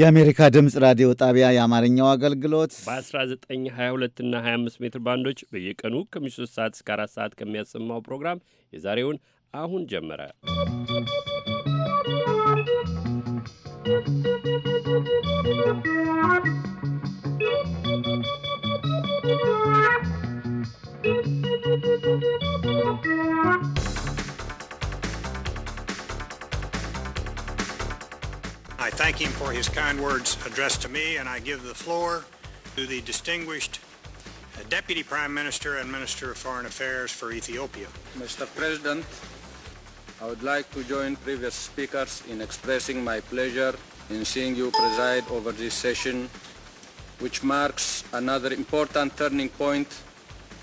የአሜሪካ ድምፅ ራዲዮ ጣቢያ የአማርኛው አገልግሎት በ1922 እና 25 ሜትር ባንዶች በየቀኑ ከምሽቱ 3 ሰዓት እስከ 4 ሰዓት ከሚያሰማው ፕሮግራም የዛሬውን አሁን ጀመረ። ¶¶ I thank him for his kind words addressed to me, and I give the floor to the distinguished uh, Deputy Prime Minister and Minister of Foreign Affairs for Ethiopia. Mr. President, I would like to join previous speakers in expressing my pleasure in seeing you preside over this session, which marks another important turning point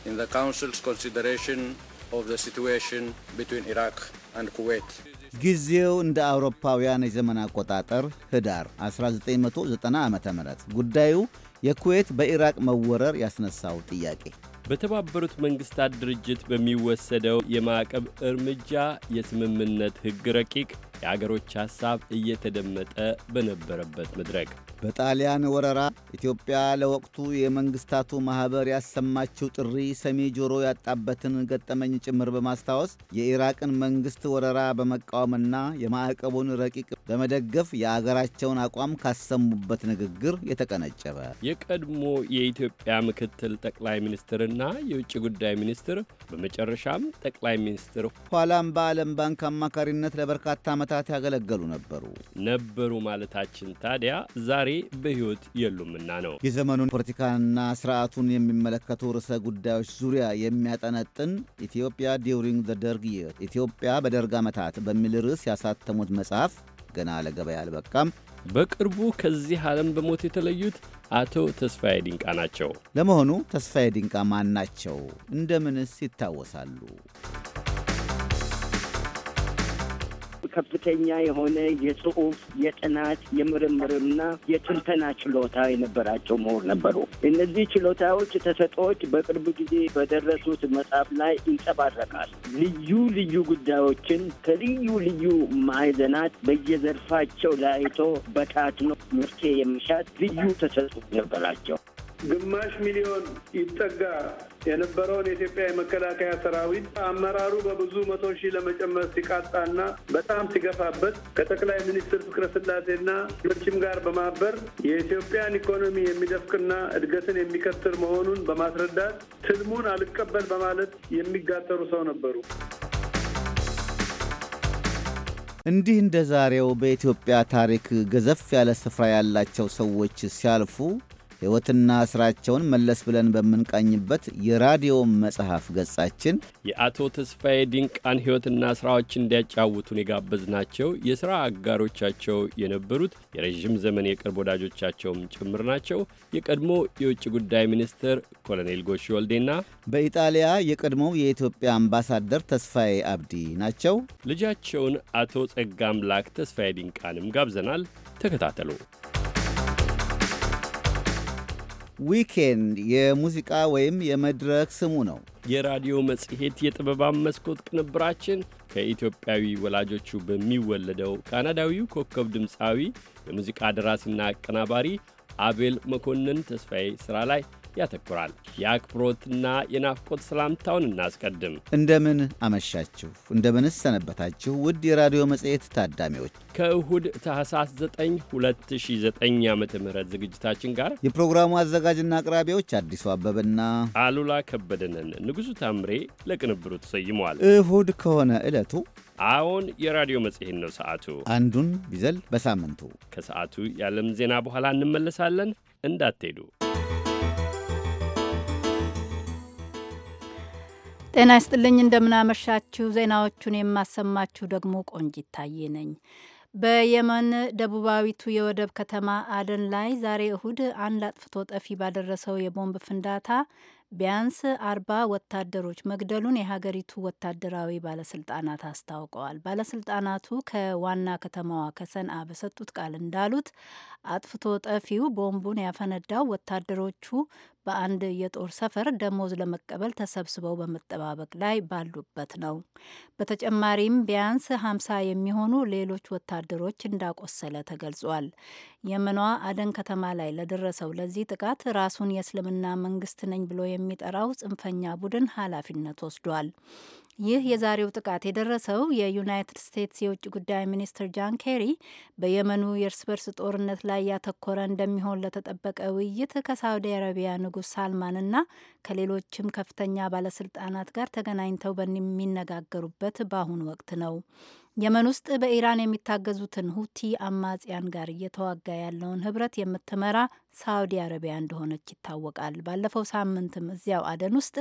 in the Council's consideration of the situation between Iraq and Kuwait. ጊዜው እንደ አውሮፓውያን የዘመን አቆጣጠር ህዳር 1990 ዓ ም ጉዳዩ የኩዌት በኢራቅ መወረር ያስነሳው ጥያቄ በተባበሩት መንግስታት ድርጅት በሚወሰደው የማዕቀብ እርምጃ የስምምነት ሕግ ረቂቅ የአገሮች ሐሳብ እየተደመጠ በነበረበት መድረክ በጣሊያን ወረራ ኢትዮጵያ ለወቅቱ የመንግስታቱ ማኅበር ያሰማችው ጥሪ ሰሚ ጆሮ ያጣበትን ገጠመኝ ጭምር በማስታወስ የኢራቅን መንግሥት ወረራ በመቃወምና የማዕቀቡን ረቂቅ በመደገፍ የአገራቸውን አቋም ካሰሙበት ንግግር የተቀነጨበ የቀድሞ የኢትዮጵያ ምክትል ጠቅላይ ሚኒስትርና የውጭ ጉዳይ ሚኒስትር በመጨረሻም ጠቅላይ ሚኒስትር ኋላም በዓለም ባንክ አማካሪነት ለበርካታ ዓመታት ዓመታት ያገለገሉ ነበሩ። ነበሩ ማለታችን ታዲያ ዛሬ በሕይወት የሉምና ነው። የዘመኑን ፖለቲካና ስርዓቱን የሚመለከቱ ርዕሰ ጉዳዮች ዙሪያ የሚያጠነጥን ኢትዮጵያ ዲውሪንግ ዘ ደርግ ይር ኢትዮጵያ በደርግ ዓመታት በሚል ርዕስ ያሳተሙት መጽሐፍ ገና ለገበያ አልበቃም። በቅርቡ ከዚህ ዓለም በሞት የተለዩት አቶ ተስፋዬ ዲንቃ ናቸው። ለመሆኑ ተስፋዬ ዲንቃ ማን ናቸው? እንደምንስ ይታወሳሉ? ከፍተኛ የሆነ የጽሁፍ የጥናት የምርምርና የትንተና ችሎታ የነበራቸው ምሁር ነበሩ። እነዚህ ችሎታዎች፣ ተሰጦዎች በቅርብ ጊዜ በደረሱት መጽሐፍ ላይ ይንጸባረቃል። ልዩ ልዩ ጉዳዮችን ከልዩ ልዩ ማዕዘናት በየዘርፋቸው ላይቶ በታትኖ መፍትሄ የሚሻት ልዩ ተሰጥኦ ነበራቸው። ግማሽ ሚሊዮን ይጠጋ የነበረውን የኢትዮጵያ የመከላከያ ሰራዊት አመራሩ በብዙ መቶ ሺህ ለመጨመር ሲቃጣና በጣም ሲገፋበት ከጠቅላይ ሚኒስትር ፍቅረ ስላሴና ሌሎችም ጋር በማበር የኢትዮጵያን ኢኮኖሚ የሚደፍቅና እድገትን የሚከትር መሆኑን በማስረዳት ትልሙን አልቀበል በማለት የሚጋጠሩ ሰው ነበሩ። እንዲህ እንደ ዛሬው በኢትዮጵያ ታሪክ ገዘፍ ያለ ስፍራ ያላቸው ሰዎች ሲያልፉ ሕይወትና ሥራቸውን መለስ ብለን በምንቃኝበት የራዲዮ መጽሐፍ ገጻችን የአቶ ተስፋዬ ድንቃን ሕይወትና ሥራዎች እንዲያጫውቱን የጋበዝናቸው የሥራ አጋሮቻቸው የነበሩት የረዥም ዘመን የቅርብ ወዳጆቻቸውም ጭምር ናቸው። የቀድሞ የውጭ ጉዳይ ሚኒስትር ኮሎኔል ጎሺ ወልዴና በኢጣሊያ የቀድሞው የኢትዮጵያ አምባሳደር ተስፋዬ አብዲ ናቸው። ልጃቸውን አቶ ጸጋ አምላክ ተስፋዬ ድንቃንም ጋብዘናል። ተከታተሉ። ዊኬንድ የሙዚቃ ወይም የመድረክ ስሙ ነው። የራዲዮ መጽሔት የጥበባን መስኮት ቅንብራችን ከኢትዮጵያዊ ወላጆቹ በሚወለደው ካናዳዊው ኮከብ ድምፃዊ የሙዚቃ ደራሲና አቀናባሪ አቤል መኮንን ተስፋዬ ሥራ ላይ ያተኩራል። የአክብሮትና የናፍቆት ሰላምታውን እናስቀድም። እንደምን አመሻችሁ፣ እንደምንስ ሰነበታችሁ ውድ የራዲዮ መጽሔት ታዳሚዎች ከእሁድ ታህሳስ 9 2009 ዓ ም ዝግጅታችን ጋር የፕሮግራሙ አዘጋጅና አቅራቢዎች አዲሱ አበበና አሉላ ከበደንን ንጉሡ ታምሬ ለቅንብሩ ተሰይመዋል። እሁድ ከሆነ ዕለቱ አዎን፣ የራዲዮ መጽሔት ነው። ሰዓቱ አንዱን ቢዘል በሳምንቱ ከሰዓቱ የዓለም ዜና በኋላ እንመለሳለን። እንዳትሄዱ። ጤና ይስጥልኝ እንደምናመሻችሁ። ዜናዎቹን የማሰማችሁ ደግሞ ቆንጂት ታዬ ነኝ። በየመን ደቡባዊቱ የወደብ ከተማ አደን ላይ ዛሬ እሁድ አንድ አጥፍቶ ጠፊ ባደረሰው የቦምብ ፍንዳታ ቢያንስ አርባ ወታደሮች መግደሉን የሀገሪቱ ወታደራዊ ባለስልጣናት አስታውቀዋል። ባለስልጣናቱ ከዋና ከተማዋ ከሰንአ በሰጡት ቃል እንዳሉት አጥፍቶ ጠፊው ቦምቡን ያፈነዳው ወታደሮቹ በአንድ የጦር ሰፈር ደሞዝ ለመቀበል ተሰብስበው በመጠባበቅ ላይ ባሉበት ነው። በተጨማሪም ቢያንስ ሀምሳ የሚሆኑ ሌሎች ወታደሮች እንዳቆሰለ ተገልጿል። የመኗ አደን ከተማ ላይ ለደረሰው ለዚህ ጥቃት ራሱን የእስልምና መንግስት ነኝ ብሎ የሚጠራው ጽንፈኛ ቡድን ኃላፊነት ወስዷል። ይህ የዛሬው ጥቃት የደረሰው የዩናይትድ ስቴትስ የውጭ ጉዳይ ሚኒስትር ጃን ኬሪ በየመኑ የእርስ በርስ ጦርነት ላይ ያተኮረ እንደሚሆን ለተጠበቀ ውይይት ከሳውዲ አረቢያ ንጉሥ ሳልማንና ከሌሎችም ከፍተኛ ባለስልጣናት ጋር ተገናኝተው በሚነጋገሩበት በአሁኑ ወቅት ነው። የመን ውስጥ በኢራን የሚታገዙትን ሁቲ አማጽያን ጋር እየተዋጋ ያለውን ህብረት የምትመራ ሳውዲ አረቢያ እንደሆነች ይታወቃል። ባለፈው ሳምንትም እዚያው አደን ውስጥ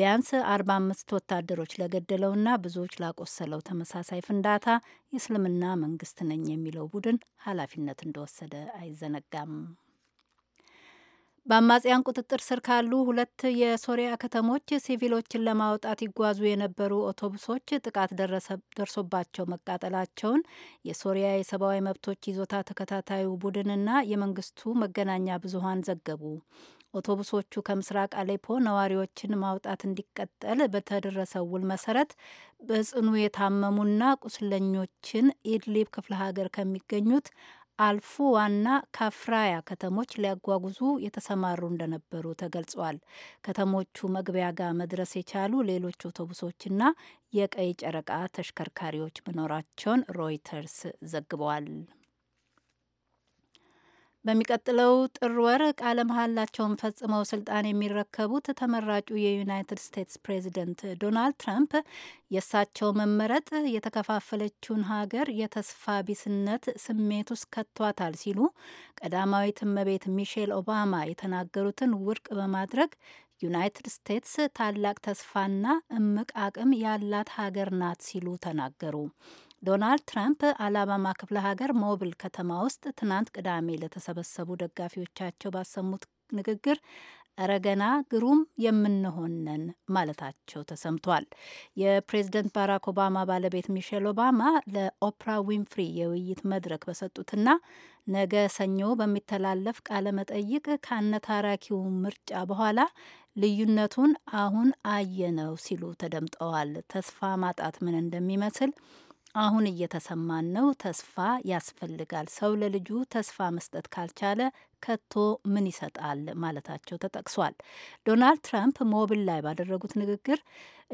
ቢያንስ አምስት ወታደሮች ለገደለውና ብዙዎች ላቆሰለው ተመሳሳይ ፍንዳታ የእስልምና መንግስት ነኝ የሚለው ቡድን ኃላፊነት እንደወሰደ አይዘነጋም። በአማጽያን ቁጥጥር ስር ካሉ ሁለት የሶሪያ ከተሞች ሲቪሎችን ለማውጣት ይጓዙ የነበሩ አውቶቡሶች ጥቃት ደርሶባቸው መቃጠላቸውን የሶሪያ የሰብአዊ መብቶች ይዞታ ተከታታዩ ቡድንና የመንግስቱ መገናኛ ብዙሀን ዘገቡ። አውቶቡሶቹ ከምስራቅ አሌፖ ነዋሪዎችን ማውጣት እንዲቀጠል በተደረሰው ውል መሰረት በጽኑ የታመሙና ቁስለኞችን ኢድሊብ ክፍለ ሀገር ከሚገኙት አልፉዋና ካፍራያ ከተሞች ሊያጓጉዙ የተሰማሩ እንደነበሩ ተገልጿል። ከተሞቹ መግቢያ ጋር መድረስ የቻሉ ሌሎች አውቶቡሶችና የቀይ ጨረቃ ተሽከርካሪዎች መኖራቸውን ሮይተርስ ዘግበዋል። በሚቀጥለው ጥር ወር ቃለ መሐላቸውን ፈጽመው ስልጣን የሚረከቡት ተመራጩ የዩናይትድ ስቴትስ ፕሬዚደንት ዶናልድ ትራምፕ የእሳቸው መመረጥ የተከፋፈለችውን ሀገር የተስፋ ቢስነት ስሜት ውስጥ ከቷታል ሲሉ ቀዳማዊት እመቤት ሚሼል ኦባማ የተናገሩትን ውድቅ በማድረግ ዩናይትድ ስቴትስ ታላቅ ተስፋና እምቅ አቅም ያላት ሀገር ናት ሲሉ ተናገሩ። ዶናልድ ትራምፕ አላባማ ክፍለ ሀገር ሞብል ከተማ ውስጥ ትናንት ቅዳሜ ለተሰበሰቡ ደጋፊዎቻቸው ባሰሙት ንግግር እረገና ግሩም የምንሆነን ማለታቸው ተሰምቷል። የፕሬዝደንት ባራክ ኦባማ ባለቤት ሚሼል ኦባማ ለኦፕራ ዊንፍሪ የውይይት መድረክ በሰጡትና ነገ ሰኞ በሚተላለፍ ቃለ መጠይቅ ከአነታራኪው ምርጫ በኋላ ልዩነቱን አሁን አየነው ሲሉ ተደምጠዋል። ተስፋ ማጣት ምን እንደሚመስል አሁን እየተሰማን ነው። ተስፋ ያስፈልጋል። ሰው ለልጁ ተስፋ መስጠት ካልቻለ ከቶ ምን ይሰጣል ማለታቸው ተጠቅሷል። ዶናልድ ትራምፕ ሞብል ላይ ባደረጉት ንግግር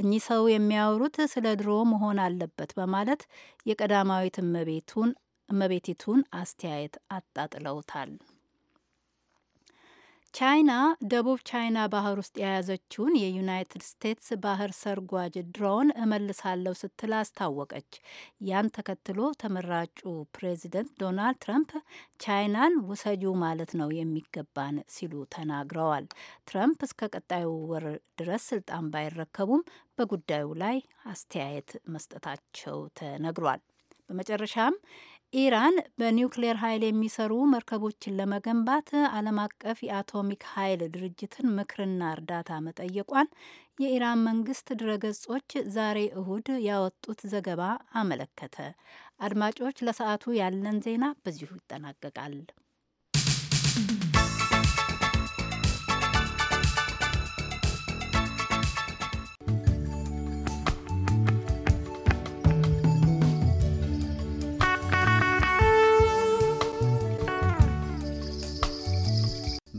እኚህ ሰው የሚያወሩት ስለ ድሮ መሆን አለበት በማለት የቀዳማዊት እመቤቱን አስተያየት አጣጥለውታል። ቻይና ደቡብ ቻይና ባህር ውስጥ የያዘችውን የዩናይትድ ስቴትስ ባህር ሰርጓጅ ድሮን እመልሳለሁ ስትል አስታወቀች። ያን ተከትሎ ተመራጩ ፕሬዚደንት ዶናልድ ትራምፕ ቻይናን ውሰጁ ማለት ነው የሚገባን ሲሉ ተናግረዋል። ትራምፕ እስከ ቀጣዩ ወር ድረስ ስልጣን ባይረከቡም በጉዳዩ ላይ አስተያየት መስጠታቸው ተነግሯል። በመጨረሻም ኢራን በኒውክሌር ኃይል የሚሰሩ መርከቦችን ለመገንባት ዓለም አቀፍ የአቶሚክ ኃይል ድርጅትን ምክርና እርዳታ መጠየቋን የኢራን መንግስት ድረገጾች ዛሬ እሁድ ያወጡት ዘገባ አመለከተ። አድማጮች፣ ለሰዓቱ ያለን ዜና በዚሁ ይጠናቀቃል።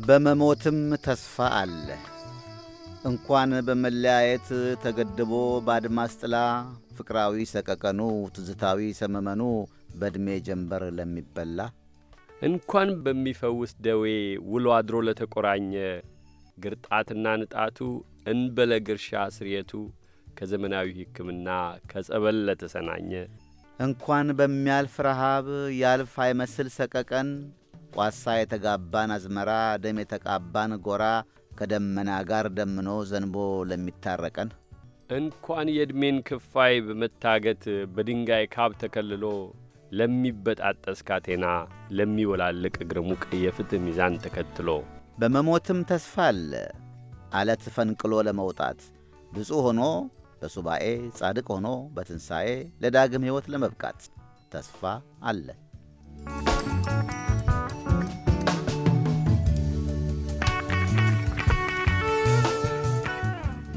በመሞትም ተስፋ አለ። እንኳን በመለያየት ተገድቦ በአድማስ ጥላ ፍቅራዊ ሰቀቀኑ ትዝታዊ ሰመመኑ በዕድሜ ጀንበር ለሚበላ እንኳን በሚፈውስ ደዌ ውሎ አድሮ ለተቆራኘ ግርጣትና ንጣቱ እንበለ ግርሻ ስርየቱ ከዘመናዊ ሕክምና ከጸበል ለተሰናኘ እንኳን በሚያልፍ ረሃብ ያልፍ አይመስል ሰቀቀን ቋሳ የተጋባን አዝመራ፣ ደም የተቃባን ጎራ ከደመና ጋር ደምኖ ዘንቦ ለሚታረቀን እንኳን የዕድሜን ክፋይ በመታገት በድንጋይ ካብ ተከልሎ ለሚበጣጠስ ካቴና ለሚወላልቅ እግር ሙቅ የፍትሕ ሚዛን ተከትሎ በመሞትም ተስፋ አለ አለት ፈንቅሎ ለመውጣት ብፁዕ ሆኖ በሱባኤ ጻድቅ ሆኖ በትንሣኤ ለዳግም ሕይወት ለመብቃት ተስፋ አለ።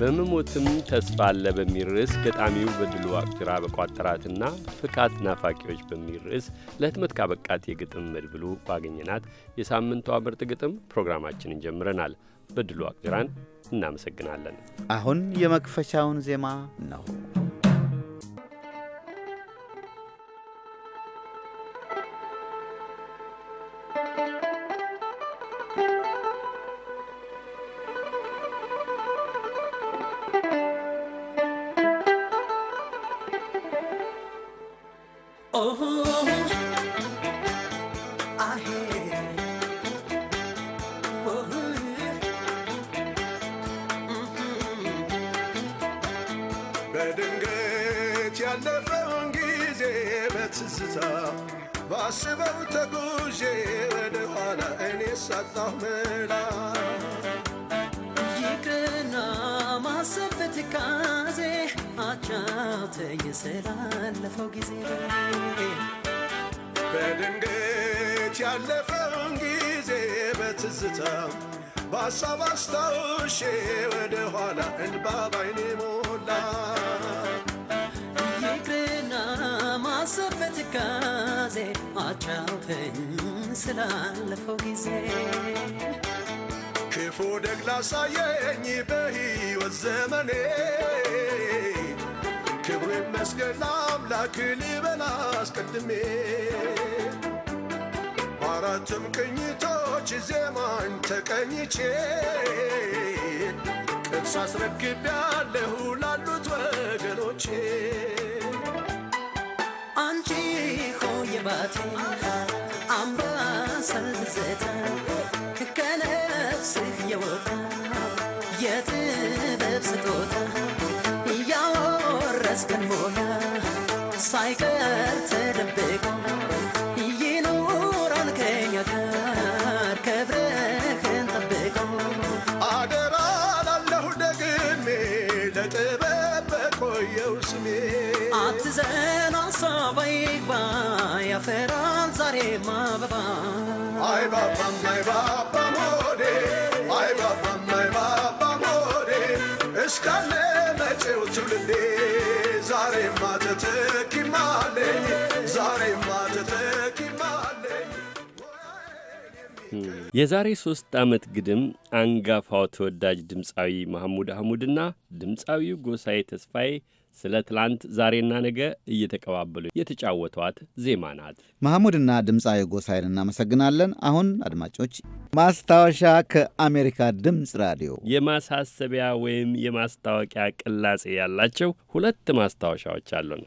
በመሞትም ተስፋ አለ በሚል ርዕስ ገጣሚው በድሉ አቅጅራ በቋጠራትና ፍካት ናፋቂዎች በሚል ርዕስ ለህትመት ካበቃት የግጥም መድብሉ ባገኘናት የሳምንቷ ምርጥ ግጥም ፕሮግራማችንን ጀምረናል። በድሉ አቅጅራን እናመሰግናለን። አሁን የመክፈቻውን ዜማ ነው። በትካዜ አጫውተኝ ስላለፈው ጊዜ ክፉ ደግ ላሳየኝ በሕይወት ዘመኔ ክብሩ ይመስገን ለአምላክ ልበል አስቀድሜ አራትም ቅኝቶች ዜማን ተቀኝቼ ቅርስ አስረክቤያለሁ ላሉት ወገኖቼ አባቴ አምባሰል ትዝታ ከነፍስህ የወጣ የጥበብ ስጦታ እያወረስከን ሞያ ሳይቀር የዛሬ ሦስት ዓመት ግድም አንጋፋው ተወዳጅ ድምፃዊ ማህሙድ አህሙድና ድምፃዊው ጎሳዬ ተስፋዬ ስለ ትላንት ዛሬና ነገ እየተቀባበሉ የተጫወቷት ዜማ ናት። ማህሙድና ድምፃዊ ጎሳዬን እናመሰግናለን። አሁን አድማጮች፣ ማስታወሻ ከአሜሪካ ድምፅ ራዲዮ የማሳሰቢያ ወይም የማስታወቂያ ቅላጼ ያላቸው ሁለት ማስታወሻዎች አሉን።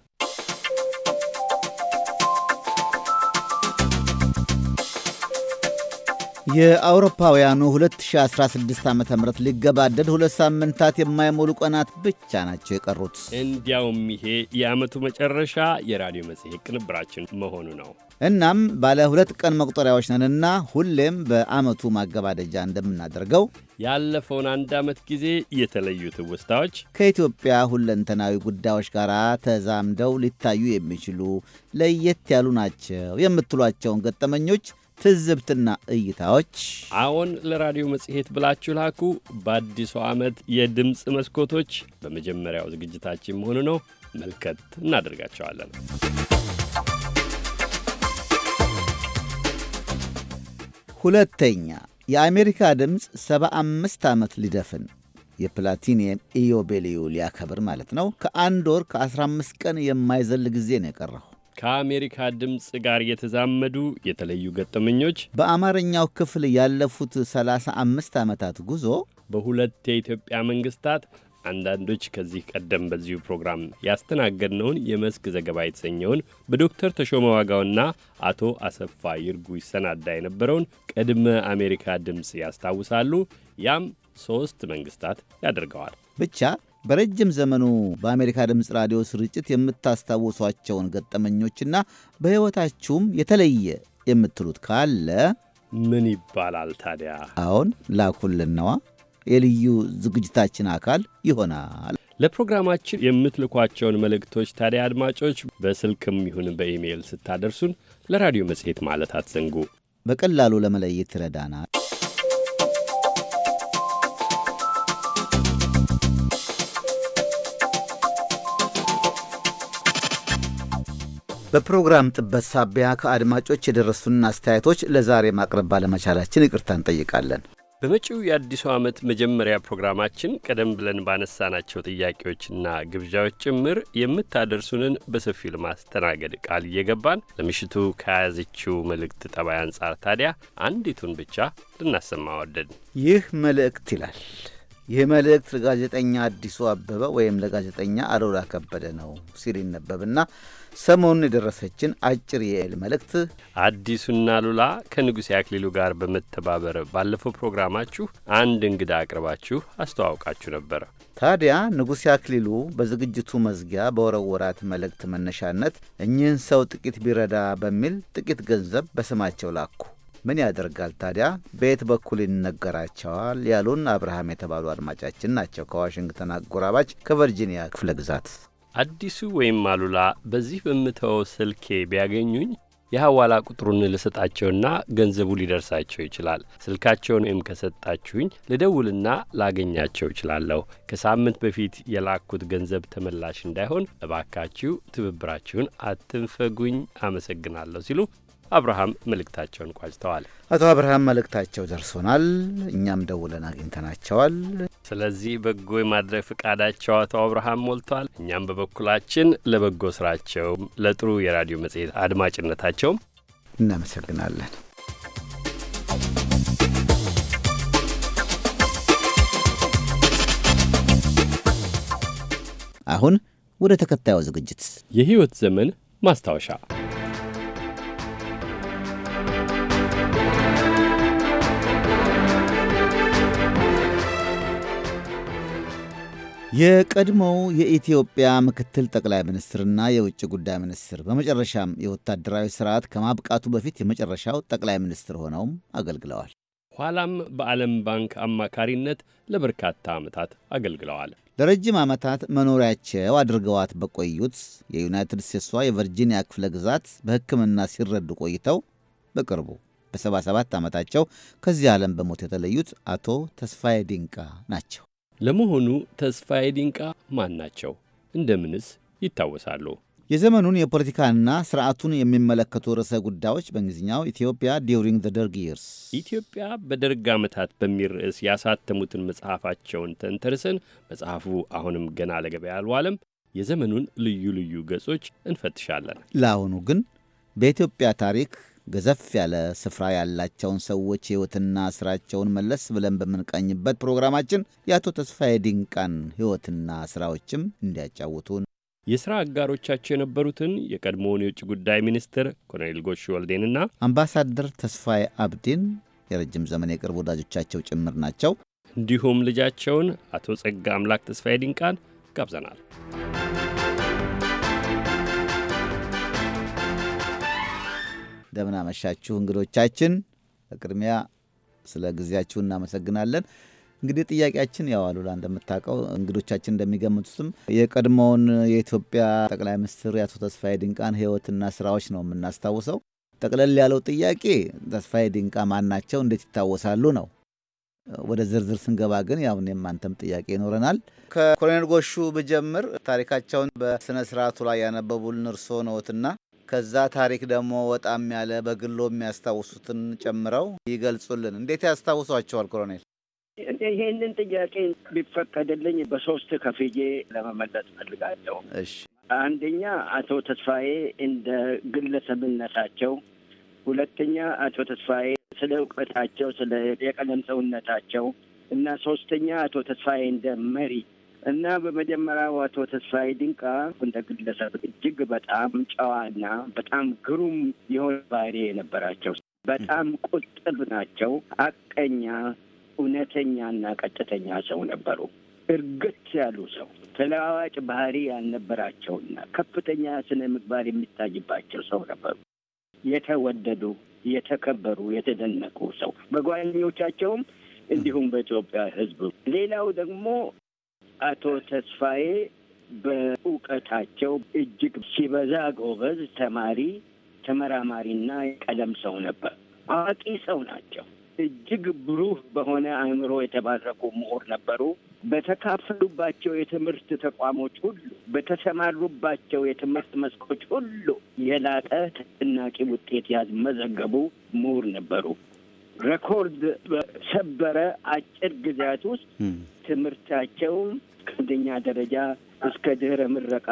የአውሮፓውያኑ 2016 ዓ ም ሊገባደድ ሁለት ሳምንታት የማይሞሉ ቀናት ብቻ ናቸው የቀሩት። እንዲያውም ይሄ የዓመቱ መጨረሻ የራዲዮ መጽሔት ቅንብራችን መሆኑ ነው። እናም ባለ ሁለት ቀን መቁጠሪያዎች ነንና ሁሌም በዓመቱ ማገባደጃ እንደምናደርገው ያለፈውን አንድ ዓመት ጊዜ የተለዩ ትውስታዎች ከኢትዮጵያ ሁለንተናዊ ጉዳዮች ጋር ተዛምደው ሊታዩ የሚችሉ ለየት ያሉ ናቸው የምትሏቸውን ገጠመኞች ትዝብትና እይታዎች አሁን ለራዲዮ መጽሔት ብላችሁ ላኩ። በአዲሱ ዓመት የድምፅ መስኮቶች በመጀመሪያው ዝግጅታችን መሆኑ ነው። መልከት እናደርጋቸዋለን። ሁለተኛ የአሜሪካ ድምፅ 75 ዓመት ሊደፍን የፕላቲኒየም ኢዮቤልዩ ሊያከብር ማለት ነው። ከአንድ ወር ከ15 ቀን የማይዘል ጊዜ ነው የቀረው። ከአሜሪካ ድምፅ ጋር የተዛመዱ የተለዩ ገጠመኞች በአማርኛው ክፍል ያለፉት 35 ዓመታት ጉዞ በሁለት የኢትዮጵያ መንግስታት አንዳንዶች ከዚህ ቀደም በዚሁ ፕሮግራም ያስተናገድነውን የመስክ ዘገባ የተሰኘውን በዶክተር ተሾመ ዋጋውና አቶ አሰፋ ይርጉ ይሰናዳ የነበረውን ቅድመ አሜሪካ ድምፅ ያስታውሳሉ። ያም ሶስት መንግስታት ያደርገዋል ብቻ በረጅም ዘመኑ በአሜሪካ ድምፅ ራዲዮ ስርጭት የምታስታውሷቸውን ገጠመኞችና በሕይወታችሁም የተለየ የምትሉት ካለ ምን ይባላል ታዲያ? አሁን ላኩልናዋ የልዩ ዝግጅታችን አካል ይሆናል። ለፕሮግራማችን የምትልኳቸውን መልእክቶች ታዲያ አድማጮች በስልክም ይሁን በኢሜይል ስታደርሱን ለራዲዮ መጽሔት ማለት አትዘንጉ። በቀላሉ ለመለየት ይረዳናል። በፕሮግራም ጥበት ሳቢያ ከአድማጮች የደረሱን አስተያየቶች ለዛሬ ማቅረብ ባለመቻላችን ይቅርታ እንጠይቃለን። በመጪው የአዲሱ ዓመት መጀመሪያ ፕሮግራማችን ቀደም ብለን ባነሳናቸው ጥያቄዎችና ግብዣዎች ጭምር የምታደርሱንን በሰፊው ለማስተናገድ ቃል እየገባን ለምሽቱ ከያዘችው መልእክት ጠባይ አንጻር ታዲያ አንዲቱን ብቻ ልናሰማ ወደድን። ይህ መልእክት ይላል። ይህ መልእክት ለጋዜጠኛ አዲሱ አበበ ወይም ለጋዜጠኛ አሉላ ከበደ ነው ሲል ይነበብና ሰሞኑን የደረሰችን አጭር የኤል መልእክት አዲሱና ሉላ ከንጉሴ አክሊሉ ጋር በመተባበር ባለፈው ፕሮግራማችሁ አንድ እንግዳ አቅርባችሁ አስተዋውቃችሁ ነበር። ታዲያ ንጉሴ አክሊሉ በዝግጅቱ መዝጊያ በወረወራት መልእክት መነሻነት እኚህን ሰው ጥቂት ቢረዳ በሚል ጥቂት ገንዘብ በስማቸው ላኩ። ምን ያደርጋል ታዲያ በየት በኩል ይነገራቸዋል ያሉን አብርሃም የተባሉ አድማጫችን ናቸው። ከዋሽንግተን አጎራባች ከቨርጂኒያ ክፍለ ግዛት አዲሱ ወይም አሉላ በዚህ በምተው ስልኬ ቢያገኙኝ የሐዋላ ቁጥሩን ልሰጣቸውና ገንዘቡ ሊደርሳቸው ይችላል። ስልካቸውን ወይም ከሰጣችሁኝ ልደውልና ላገኛቸው ይችላለሁ። ከሳምንት በፊት የላኩት ገንዘብ ተመላሽ እንዳይሆን እባካችሁ ትብብራችሁን አትንፈጉኝ፣ አመሰግናለሁ ሲሉ አብርሃም መልእክታቸውን ቋጭተዋል። አቶ አብርሃም መልእክታቸው ደርሶናል። እኛም ደውለን አግኝተናቸዋል። ስለዚህ በጎ የማድረግ ፍቃዳቸው አቶ አብርሃም ሞልቷል። እኛም በበኩላችን ለበጎ ስራቸውም ለጥሩ የራዲዮ መጽሔት አድማጭነታቸውም እናመሰግናለን። አሁን ወደ ተከታዩ ዝግጅት የህይወት ዘመን ማስታወሻ የቀድሞው የኢትዮጵያ ምክትል ጠቅላይ ሚኒስትርና የውጭ ጉዳይ ሚኒስትር በመጨረሻም የወታደራዊ ስርዓት ከማብቃቱ በፊት የመጨረሻው ጠቅላይ ሚኒስትር ሆነውም አገልግለዋል። ኋላም በዓለም ባንክ አማካሪነት ለበርካታ ዓመታት አገልግለዋል። ለረጅም ዓመታት መኖሪያቸው አድርገዋት በቆዩት የዩናይትድ ስቴትሷ የቨርጂኒያ ክፍለ ግዛት በሕክምና ሲረዱ ቆይተው በቅርቡ በ77 ዓመታቸው ከዚህ ዓለም በሞት የተለዩት አቶ ተስፋዬ ዲንቃ ናቸው። ለመሆኑ ተስፋዬ ዲንቃ ማን ናቸው? እንደምንስ ይታወሳሉ? የዘመኑን የፖለቲካና ስርዓቱን የሚመለከቱ ርዕሰ ጉዳዮች በእንግሊዝኛው ኢትዮጵያ ዲውሪንግ ዘ ደርግ ይርስ ኢትዮጵያ በደርግ ዓመታት በሚል ርዕስ ያሳተሙትን መጽሐፋቸውን ተንተርሰን መጽሐፉ አሁንም ገና ለገበያ አልዋለም። የዘመኑን ልዩ ልዩ ገጾች እንፈትሻለን። ለአሁኑ ግን በኢትዮጵያ ታሪክ ገዘፍ ያለ ስፍራ ያላቸውን ሰዎች ሕይወትና ስራቸውን መለስ ብለን በምንቃኝበት ፕሮግራማችን የአቶ ተስፋዬ ድንቃን ሕይወትና ስራዎችም እንዲያጫውቱን የሥራ አጋሮቻቸው የነበሩትን የቀድሞውን የውጭ ጉዳይ ሚኒስትር ኮሎኔል ጎሽ ወልዴንና አምባሳደር ተስፋዬ አብዲን የረጅም ዘመን የቅርብ ወዳጆቻቸው ጭምር ናቸው። እንዲሁም ልጃቸውን አቶ ጸጋ አምላክ ተስፋዬ ድንቃን ጋብዘናል። እንደምን አመሻችሁ እንግዶቻችን። በቅድሚያ ስለ ጊዜያችሁ እናመሰግናለን። እንግዲህ ጥያቄያችን ያው አሉላ እንደምታውቀው እንግዶቻችን እንደሚገምቱትም የቀድሞውን የኢትዮጵያ ጠቅላይ ሚኒስትር የአቶ ተስፋዬ ድንቃን ሕይወትና ስራዎች ነው የምናስታውሰው። ጠቅለል ያለው ጥያቄ ተስፋዬ ድንቃ ማን ናቸው? እንዴት ይታወሳሉ ነው። ወደ ዝርዝር ስንገባ ግን ያው እኔም አንተም ጥያቄ ይኖረናል። ከኮሎኔል ጎሹ ብጀምር ታሪካቸውን በስነ ስርዓቱ ላይ ያነበቡልን እርስዎ ነዎትና ከዛ ታሪክ ደግሞ ወጣም ያለ በግሎ የሚያስታውሱትን ጨምረው ይገልጹልን። እንዴት ያስታውሷቸዋል ኮሎኔል? ይህንን ጥያቄ ቢፈቀድልኝ በሶስት ከፍዬ ለመመለስ ፈልጋለሁ። እሺ፣ አንደኛ አቶ ተስፋዬ እንደ ግለሰብነታቸው፣ ሁለተኛ አቶ ተስፋዬ ስለ እውቀታቸው፣ ስለ የቀለም ሰውነታቸው እና ሶስተኛ አቶ ተስፋዬ እንደ መሪ እና በመጀመሪያ አቶ ተስፋዬ ድንቃ እንደ ግለሰብ እጅግ በጣም ጨዋና በጣም ግሩም የሆነ ባህሪ የነበራቸው በጣም ቁጥብ ናቸው። አቀኛ፣ እውነተኛና ቀጥተኛ ሰው ነበሩ። እርግት ያሉ ሰው ተለዋዋጭ ባህሪ ያልነበራቸውና ከፍተኛ ስነ ምግባር የሚታይባቸው ሰው ነበሩ። የተወደዱ፣ የተከበሩ፣ የተደነቁ ሰው በጓደኞቻቸውም እንዲሁም በኢትዮጵያ ሕዝብ ሌላው ደግሞ አቶ ተስፋዬ በእውቀታቸው እጅግ ሲበዛ ጎበዝ ተማሪ፣ ተመራማሪና ቀለም ሰው ነበር። አዋቂ ሰው ናቸው። እጅግ ብሩህ በሆነ አእምሮ የተባረኩ ምሁር ነበሩ። በተካፈሉባቸው የትምህርት ተቋሞች ሁሉ፣ በተሰማሩባቸው የትምህርት መስኮች ሁሉ የላቀ ተጨናቂ ውጤት ያመዘገቡ ምሁር ነበሩ። ሬኮርድ በሰበረ አጭር ጊዜያት ውስጥ ትምህርታቸውን ከአንደኛ ደረጃ እስከ ድህረ ምረቃ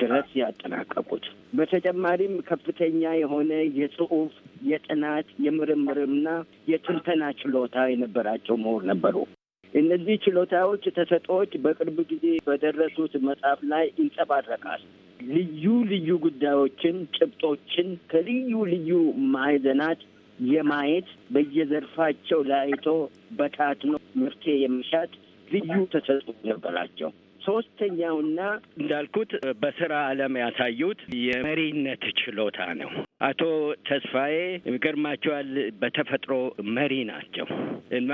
ድረስ ያጠናቀቁት። በተጨማሪም ከፍተኛ የሆነ የጽሁፍ የጥናት የምርምርና የትንተና ችሎታ የነበራቸው ምሁር ነበሩ። እነዚህ ችሎታዎች፣ ተሰጦች በቅርብ ጊዜ በደረሱት መጽሐፍ ላይ ይንጸባረቃል። ልዩ ልዩ ጉዳዮችን፣ ጭብጦችን ከልዩ ልዩ ማዕዘናት የማየት በየዘርፋቸው ላይቶ በታትኖ መፍትሄ የመሻት ልዩ ተሰጥኦ ነበራቸው። ሶስተኛውና እንዳልኩት በስራ ዓለም ያሳዩት የመሪነት ችሎታ ነው። አቶ ተስፋዬ የሚገርማቸዋል በተፈጥሮ መሪ ናቸው እና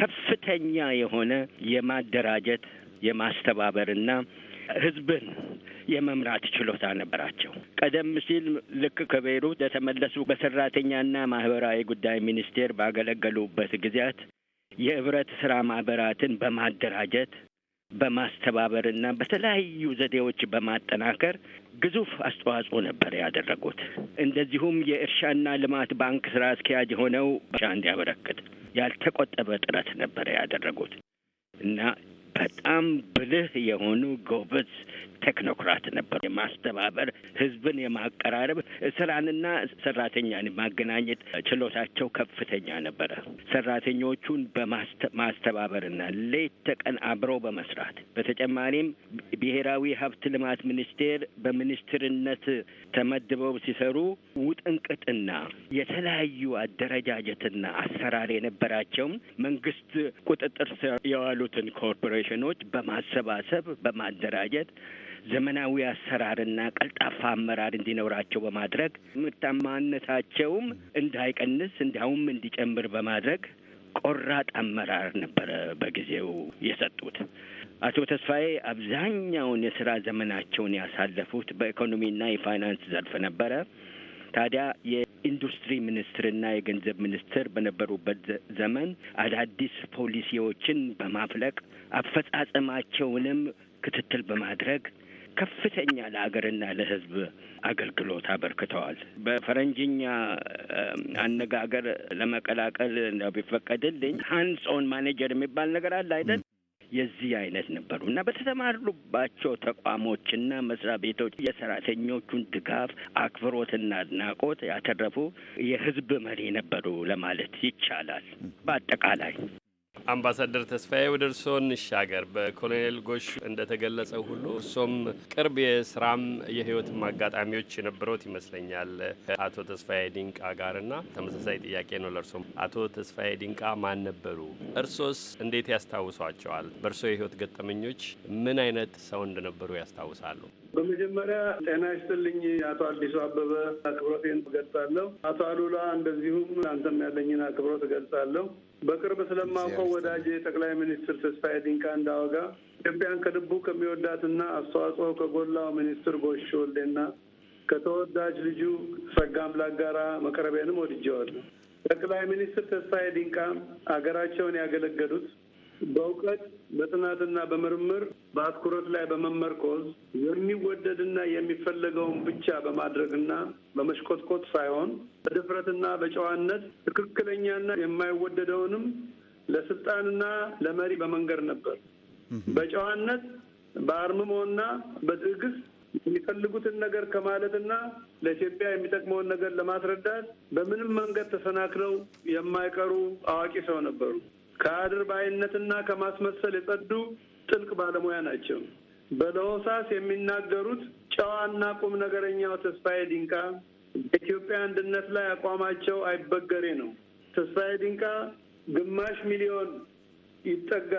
ከፍተኛ የሆነ የማደራጀት የማስተባበርና ህዝብን የመምራት ችሎታ ነበራቸው። ቀደም ሲል ልክ ከቤይሩት እንደተመለሱ በሰራተኛና ማህበራዊ ጉዳይ ሚኒስቴር ባገለገሉበት ጊዜያት የህብረት ስራ ማህበራትን በማደራጀት በማስተባበርና በተለያዩ ዘዴዎች በማጠናከር ግዙፍ አስተዋጽኦ ነበር ያደረጉት። እንደዚሁም የእርሻና ልማት ባንክ ስራ አስኪያጅ የሆነው ሻ እንዲያበረክት ያልተቆጠበ ጥረት ነበር ያደረጉት እና በጣም ብልህ የሆኑ ጎበዝ ቴክኖክራት ነበር። የማስተባበር ህዝብን የማቀራረብ ስራንና ሰራተኛን የማገናኘት ችሎታቸው ከፍተኛ ነበረ። ሰራተኞቹን በማስተባበርና ሌት ተቀን አብረው በመስራት በተጨማሪም ብሔራዊ ሀብት ልማት ሚኒስቴር በሚኒስትርነት ተመድበው ሲሰሩ ውጥንቅጥና የተለያዩ አደረጃጀትና አሰራር የነበራቸውም መንግስት ቁጥጥር ስር የዋሉትን ኮርፖሬ ኮርፖሬሽኖች በማሰባሰብ በማደራጀት ዘመናዊ አሰራርና ቀልጣፋ አመራር እንዲኖራቸው በማድረግ ምርታማነታቸውም እንዳይቀንስ እንዲያውም እንዲጨምር በማድረግ ቆራጥ አመራር ነበረ በጊዜው የሰጡት። አቶ ተስፋዬ አብዛኛውን የስራ ዘመናቸውን ያሳለፉት በኢኮኖሚና የፋይናንስ ዘርፍ ነበረ። ታዲያ የኢንዱስትሪ ሚኒስትርና የገንዘብ ሚኒስትር በነበሩበት ዘመን አዳዲስ ፖሊሲዎችን በማፍለቅ አፈጻጸማቸውንም ክትትል በማድረግ ከፍተኛ ለሀገርና ለሕዝብ አገልግሎት አበርክተዋል። በፈረንጅኛ አነጋገር ለመቀላቀል ቢፈቀድልኝ ሀንድስ ኦን ማኔጀር የሚባል ነገር አለ አይደል? የዚህ አይነት ነበሩ እና በተሰማሩባቸው ተቋሞችና መስሪያ ቤቶች የሰራተኞቹን ድጋፍ አክብሮትና አድናቆት ያተረፉ የህዝብ መሪ ነበሩ ለማለት ይቻላል። በአጠቃላይ አምባሳደር ተስፋዬ ወደ እርስዎ እንሻገር። በኮሎኔል ጎሽ እንደተገለጸው ሁሉ እርሶም ቅርብ የስራም የህይወትም አጋጣሚዎች የነበሩት ይመስለኛል አቶ ተስፋዬ ዲንቃ ጋር ተመሳሳይ ጥያቄ ነው ለእርሶም። አቶ ተስፋዬ ዲንቃ ማን ነበሩ? እርሶስ እንዴት ያስታውሷቸዋል? በእርሶ የህይወት ገጠመኞች ምን አይነት ሰው እንደነበሩ ያስታውሳሉ? በመጀመሪያ ጤና ይስጥልኝ አቶ አዲሱ አበበ፣ አክብሮቴን እገልጻለሁ። አቶ አሉላ እንደዚሁም አንተም ያለኝን አክብሮት እገልጻለሁ። በቅርብ ስለማውቀው ወዳጅ ጠቅላይ ሚኒስትር ተስፋዬ ዲንቃ እንዳወጋ ኢትዮጵያን ከልቡ ከሚወዳትና አስተዋጽኦ ከጎላው ሚኒስትር ጎሽ ወልዴና ከተወዳጅ ልጁ ጸጋ አምላክ ጋራ መቅረቤንም ወድጀዋለሁ። ጠቅላይ ሚኒስትር ተስፋዬ ዲንቃ አገራቸውን ያገለገሉት በእውቀት በጥናትና በምርምር በአትኩረት ላይ በመመርኮዝ የሚወደድና የሚፈለገውን ብቻ በማድረግና በመሽኮትኮት ሳይሆን በድፍረትና በጨዋነት ትክክለኛና የማይወደደውንም ለስልጣንና ለመሪ በመንገድ ነበር። በጨዋነት በአርምሞና በትዕግስት የሚፈልጉትን ነገር ከማለትና ለኢትዮጵያ የሚጠቅመውን ነገር ለማስረዳት በምንም መንገድ ተሰናክለው የማይቀሩ አዋቂ ሰው ነበሩ። ከአድር ባይነትና ከማስመሰል የጸዱ ጥልቅ ባለሙያ ናቸው። በለሆሳስ የሚናገሩት ጨዋና ቁም ነገረኛው ተስፋዬ ዲንቃ በኢትዮጵያ አንድነት ላይ አቋማቸው አይበገሬ ነው። ተስፋዬ ዲንቃ ግማሽ ሚሊዮን ይጠጋ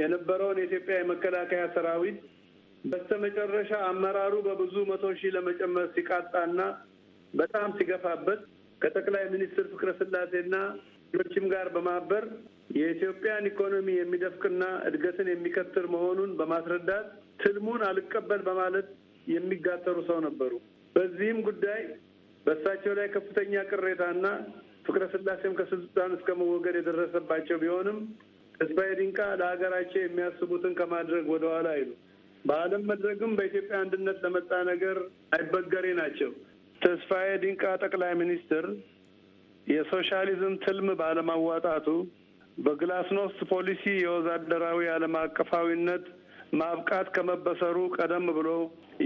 የነበረውን የኢትዮጵያ የመከላከያ ሰራዊት በስተመጨረሻ አመራሩ በብዙ መቶ ሺህ ለመጨመር ሲቃጣና በጣም ሲገፋበት ከጠቅላይ ሚኒስትር ፍቅረ ስላሴና ሌሎችም ጋር በማበር የኢትዮጵያን ኢኮኖሚ የሚደፍቅና እድገትን የሚከትል መሆኑን በማስረዳት ትልሙን አልቀበል በማለት የሚጋተሩ ሰው ነበሩ። በዚህም ጉዳይ በእሳቸው ላይ ከፍተኛ ቅሬታና ፍቅረ ስላሴም ከስልጣን እስከ መወገድ የደረሰባቸው ቢሆንም ተስፋዬ ድንቃ ለሀገራቸው የሚያስቡትን ከማድረግ ወደኋላ አይሉ። በዓለም መድረክም በኢትዮጵያ አንድነት ለመጣ ነገር አይበገሬ ናቸው። ተስፋዬ ድንቃ ጠቅላይ ሚኒስትር የሶሻሊዝም ትልም ባለማዋጣቱ በግላስኖስት ፖሊሲ የወዛደራዊ ዓለም አቀፋዊነት ማብቃት ከመበሰሩ ቀደም ብሎ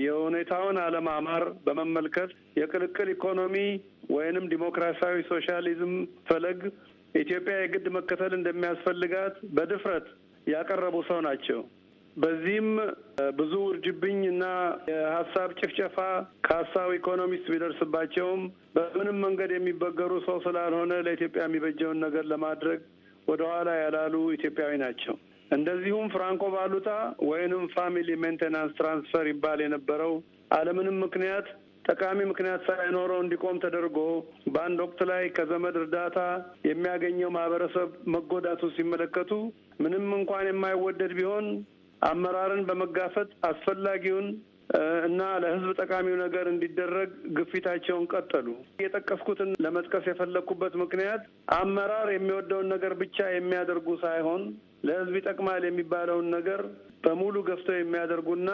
የሁኔታውን አለማማር በመመልከት የቅልቅል ኢኮኖሚ ወይንም ዲሞክራሲያዊ ሶሻሊዝም ፈለግ ኢትዮጵያ የግድ መከተል እንደሚያስፈልጋት በድፍረት ያቀረቡ ሰው ናቸው። በዚህም ብዙ ውርጅብኝ እና የሀሳብ ጭፍጨፋ ከሀሳብ ኢኮኖሚስት ቢደርስባቸውም በምንም መንገድ የሚበገሩ ሰው ስላልሆነ ለኢትዮጵያ የሚበጀውን ነገር ለማድረግ ወደኋላ ያላሉ ኢትዮጵያዊ ናቸው። እንደዚሁም ፍራንኮ ቫሉታ ወይንም ፋሚሊ ሜንቴናንስ ትራንስፈር ይባል የነበረው አለምንም ምክንያት ጠቃሚ ምክንያት ሳይኖረው እንዲቆም ተደርጎ በአንድ ወቅት ላይ ከዘመድ እርዳታ የሚያገኘው ማህበረሰብ መጎዳቱ ሲመለከቱ ምንም እንኳን የማይወደድ ቢሆን አመራርን በመጋፈጥ አስፈላጊውን እና ለህዝብ ጠቃሚው ነገር እንዲደረግ ግፊታቸውን ቀጠሉ። የጠቀስኩትን ለመጥቀስ የፈለግኩበት ምክንያት አመራር የሚወደውን ነገር ብቻ የሚያደርጉ ሳይሆን ለህዝብ ይጠቅማል የሚባለውን ነገር በሙሉ ገፍተው የሚያደርጉና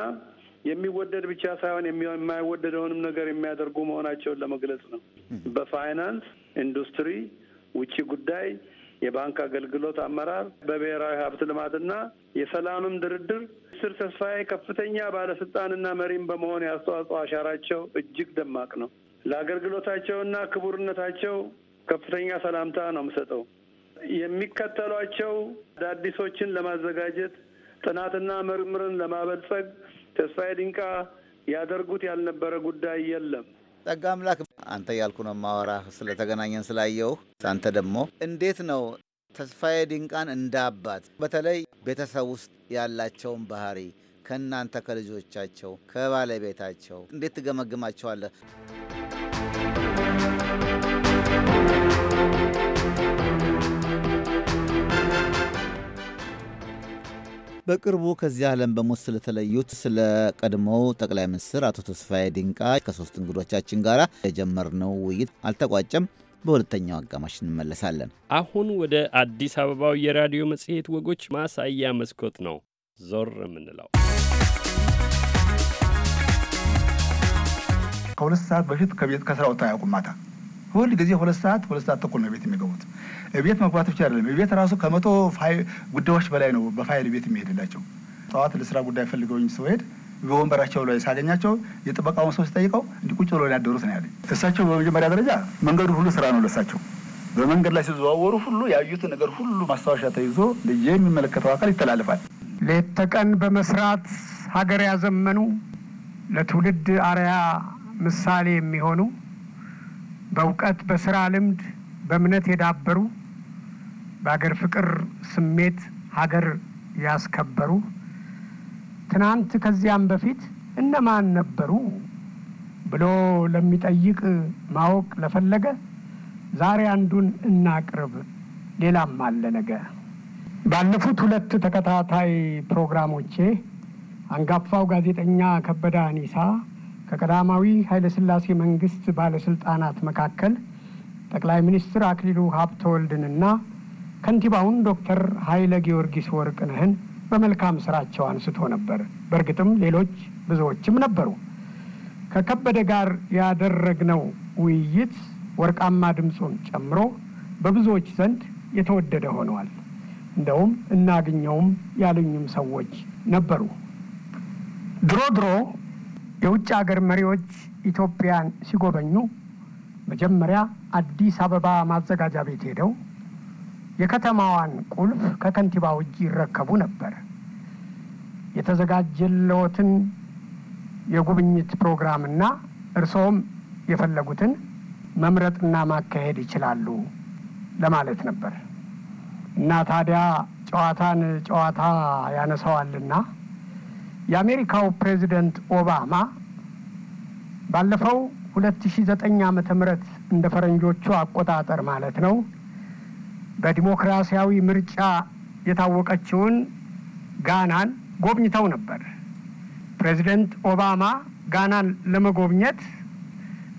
የሚወደድ ብቻ ሳይሆን የማይወደደውንም ነገር የሚያደርጉ መሆናቸውን ለመግለጽ ነው። በፋይናንስ ኢንዱስትሪ፣ ውጭ ጉዳይ የባንክ አገልግሎት አመራር በብሔራዊ ሀብት ልማትና የሰላምም ድርድር ስር ተስፋዬ ከፍተኛ ባለስልጣንና መሪም በመሆን ያስተዋጽኦ አሻራቸው እጅግ ደማቅ ነው። ለአገልግሎታቸውና ክቡርነታቸው ከፍተኛ ሰላምታ ነው የምሰጠው። የሚከተሏቸው አዳዲሶችን ለማዘጋጀት ጥናትና ምርምርን ለማበልጸግ ተስፋዬ ድንቃ ያደርጉት ያልነበረ ጉዳይ የለም። ጸጋ አምላክ አንተ ያልኩ ነው ማወራህ ስለተገናኘን ስላየው አንተ ደግሞ እንዴት ነው ተስፋዬ ድንቃን እንዳባት በተለይ ቤተሰብ ውስጥ ያላቸውን ባህሪ ከእናንተ ከልጆቻቸው ከባለቤታቸው እንዴት ትገመግማቸዋለህ? በቅርቡ ከዚህ ዓለም በሞት ስለተለዩት ስለ ቀድሞው ጠቅላይ ሚኒስትር አቶ ተስፋዬ ድንቃ ከሶስት እንግዶቻችን ጋር የጀመርነው ውይይት አልተቋጨም። በሁለተኛው አጋማሽ እንመለሳለን። አሁን ወደ አዲስ አበባው የራዲዮ መጽሔት ወጎች ማሳያ መስኮት ነው ዞር የምንለው። ከሁለት ሰዓት በፊት ከቤት ከስራ ወጥታ አያውቁም ማታ ሁል ጊዜ ሁለት ሰዓት ሁለት ሰዓት ተኩል ነው ቤት የሚገቡት። ቤት መግባት ብቻ አይደለም፣ ቤት ራሱ ከመቶ ጉዳዮች በላይ ነው በፋይል ቤት የሚሄድላቸው። ጠዋት ለስራ ጉዳይ ፈልገውኝ ስሄድ በወንበራቸው ላይ ሳገኛቸው የጥበቃውን ሰው ሲጠይቀው እንዲቁጭ ቁጭ ብሎ ያደሩት ነው ያለኝ። እሳቸው በመጀመሪያ ደረጃ መንገዱ ሁሉ ስራ ነው ለሳቸው። በመንገድ ላይ ሲዘዋወሩ ሁሉ ያዩት ነገር ሁሉ ማስታወሻ ተይዞ የሚመለከተው አካል ይተላለፋል። ሌት ተቀን በመስራት ሀገር ያዘመኑ ለትውልድ አርያ ምሳሌ የሚሆኑ በእውቀት በስራ ልምድ በእምነት የዳበሩ በአገር ፍቅር ስሜት ሀገር ያስከበሩ ትናንት ከዚያም በፊት እነማን ነበሩ ብሎ ለሚጠይቅ ማወቅ ለፈለገ ዛሬ አንዱን እናቅርብ። ሌላም አለ ነገ። ባለፉት ሁለት ተከታታይ ፕሮግራሞቼ አንጋፋው ጋዜጠኛ ከበደ አኒሳ ከቀዳማዊ ኃይለሥላሴ መንግስት ባለስልጣናት መካከል ጠቅላይ ሚኒስትር አክሊሉ ወልድንና ከንቲባውን ዶክተር ኃይለ ጊዮርጊስ ወርቅነህን በመልካም ስራቸው አንስቶ ነበር። በእርግጥም ሌሎች ብዙዎችም ነበሩ። ከከበደ ጋር ያደረግነው ውይይት ወርቃማ ድምፁን ጨምሮ በብዙዎች ዘንድ የተወደደ ሆነዋል። እንደውም እናግኘውም ያሉኝም ሰዎች ነበሩ። ድሮ ድሮ የውጭ አገር መሪዎች ኢትዮጵያን ሲጎበኙ መጀመሪያ አዲስ አበባ ማዘጋጃ ቤት ሄደው የከተማዋን ቁልፍ ከከንቲባው እጅ ይረከቡ ነበር። የተዘጋጀለዎትን የጉብኝት ፕሮግራምና እርስዎም የፈለጉትን መምረጥና ማካሄድ ይችላሉ ለማለት ነበር እና ታዲያ ጨዋታን ጨዋታ ያነሳዋልና የአሜሪካው ፕሬዚደንት ኦባማ ባለፈው ሁለት ሺ ዘጠኝ ዓመተ እንደ ፈረንጆቹ አቆጣጠር ማለት ነው በዲሞክራሲያዊ ምርጫ የታወቀችውን ጋናን ጎብኝተው ነበር። ፕሬዚደንት ኦባማ ጋናን ለመጎብኘት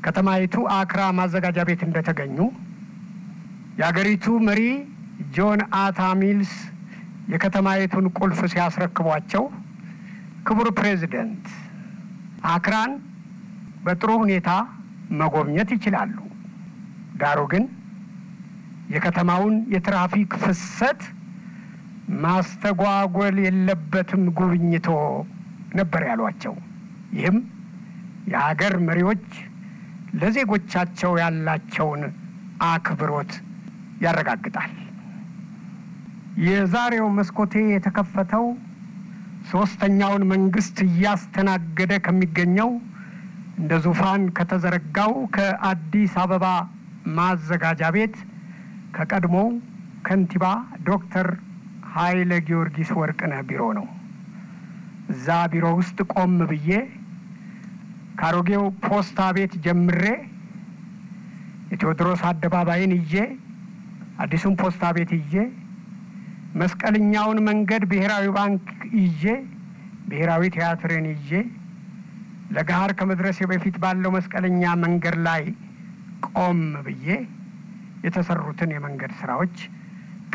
ከተማይቱ አክራ ማዘጋጃ ቤት እንደተገኙ የአገሪቱ መሪ ጆን አታ ሚልስ የከተማይቱን ቁልፍ ሲያስረክቧቸው ክቡር ፕሬዚደንት አክራን በጥሩ ሁኔታ መጎብኘት ይችላሉ። ዳሩ ግን የከተማውን የትራፊክ ፍሰት ማስተጓጎል የለበትም ጉብኝቶ ነበር ያሏቸው። ይህም የሀገር መሪዎች ለዜጎቻቸው ያላቸውን አክብሮት ያረጋግጣል። የዛሬው መስኮቴ የተከፈተው ሶስተኛውን መንግስት እያስተናገደ ከሚገኘው እንደ ዙፋን ከተዘረጋው ከአዲስ አበባ ማዘጋጃ ቤት ከቀድሞው ከንቲባ ዶክተር ኃይለ ጊዮርጊስ ወርቅነህ ቢሮ ነው። እዛ ቢሮ ውስጥ ቆም ብዬ ካሮጌው ፖስታ ቤት ጀምሬ የቴዎድሮስ አደባባይን እዬ አዲሱን ፖስታ ቤት እዬ መስቀለኛውን መንገድ ብሔራዊ ባንክ ይዤ ብሔራዊ ቲያትርን ይዤ ለጋር ከመድረሴ በፊት ባለው መስቀለኛ መንገድ ላይ ቆም ብዬ የተሰሩትን የመንገድ ስራዎች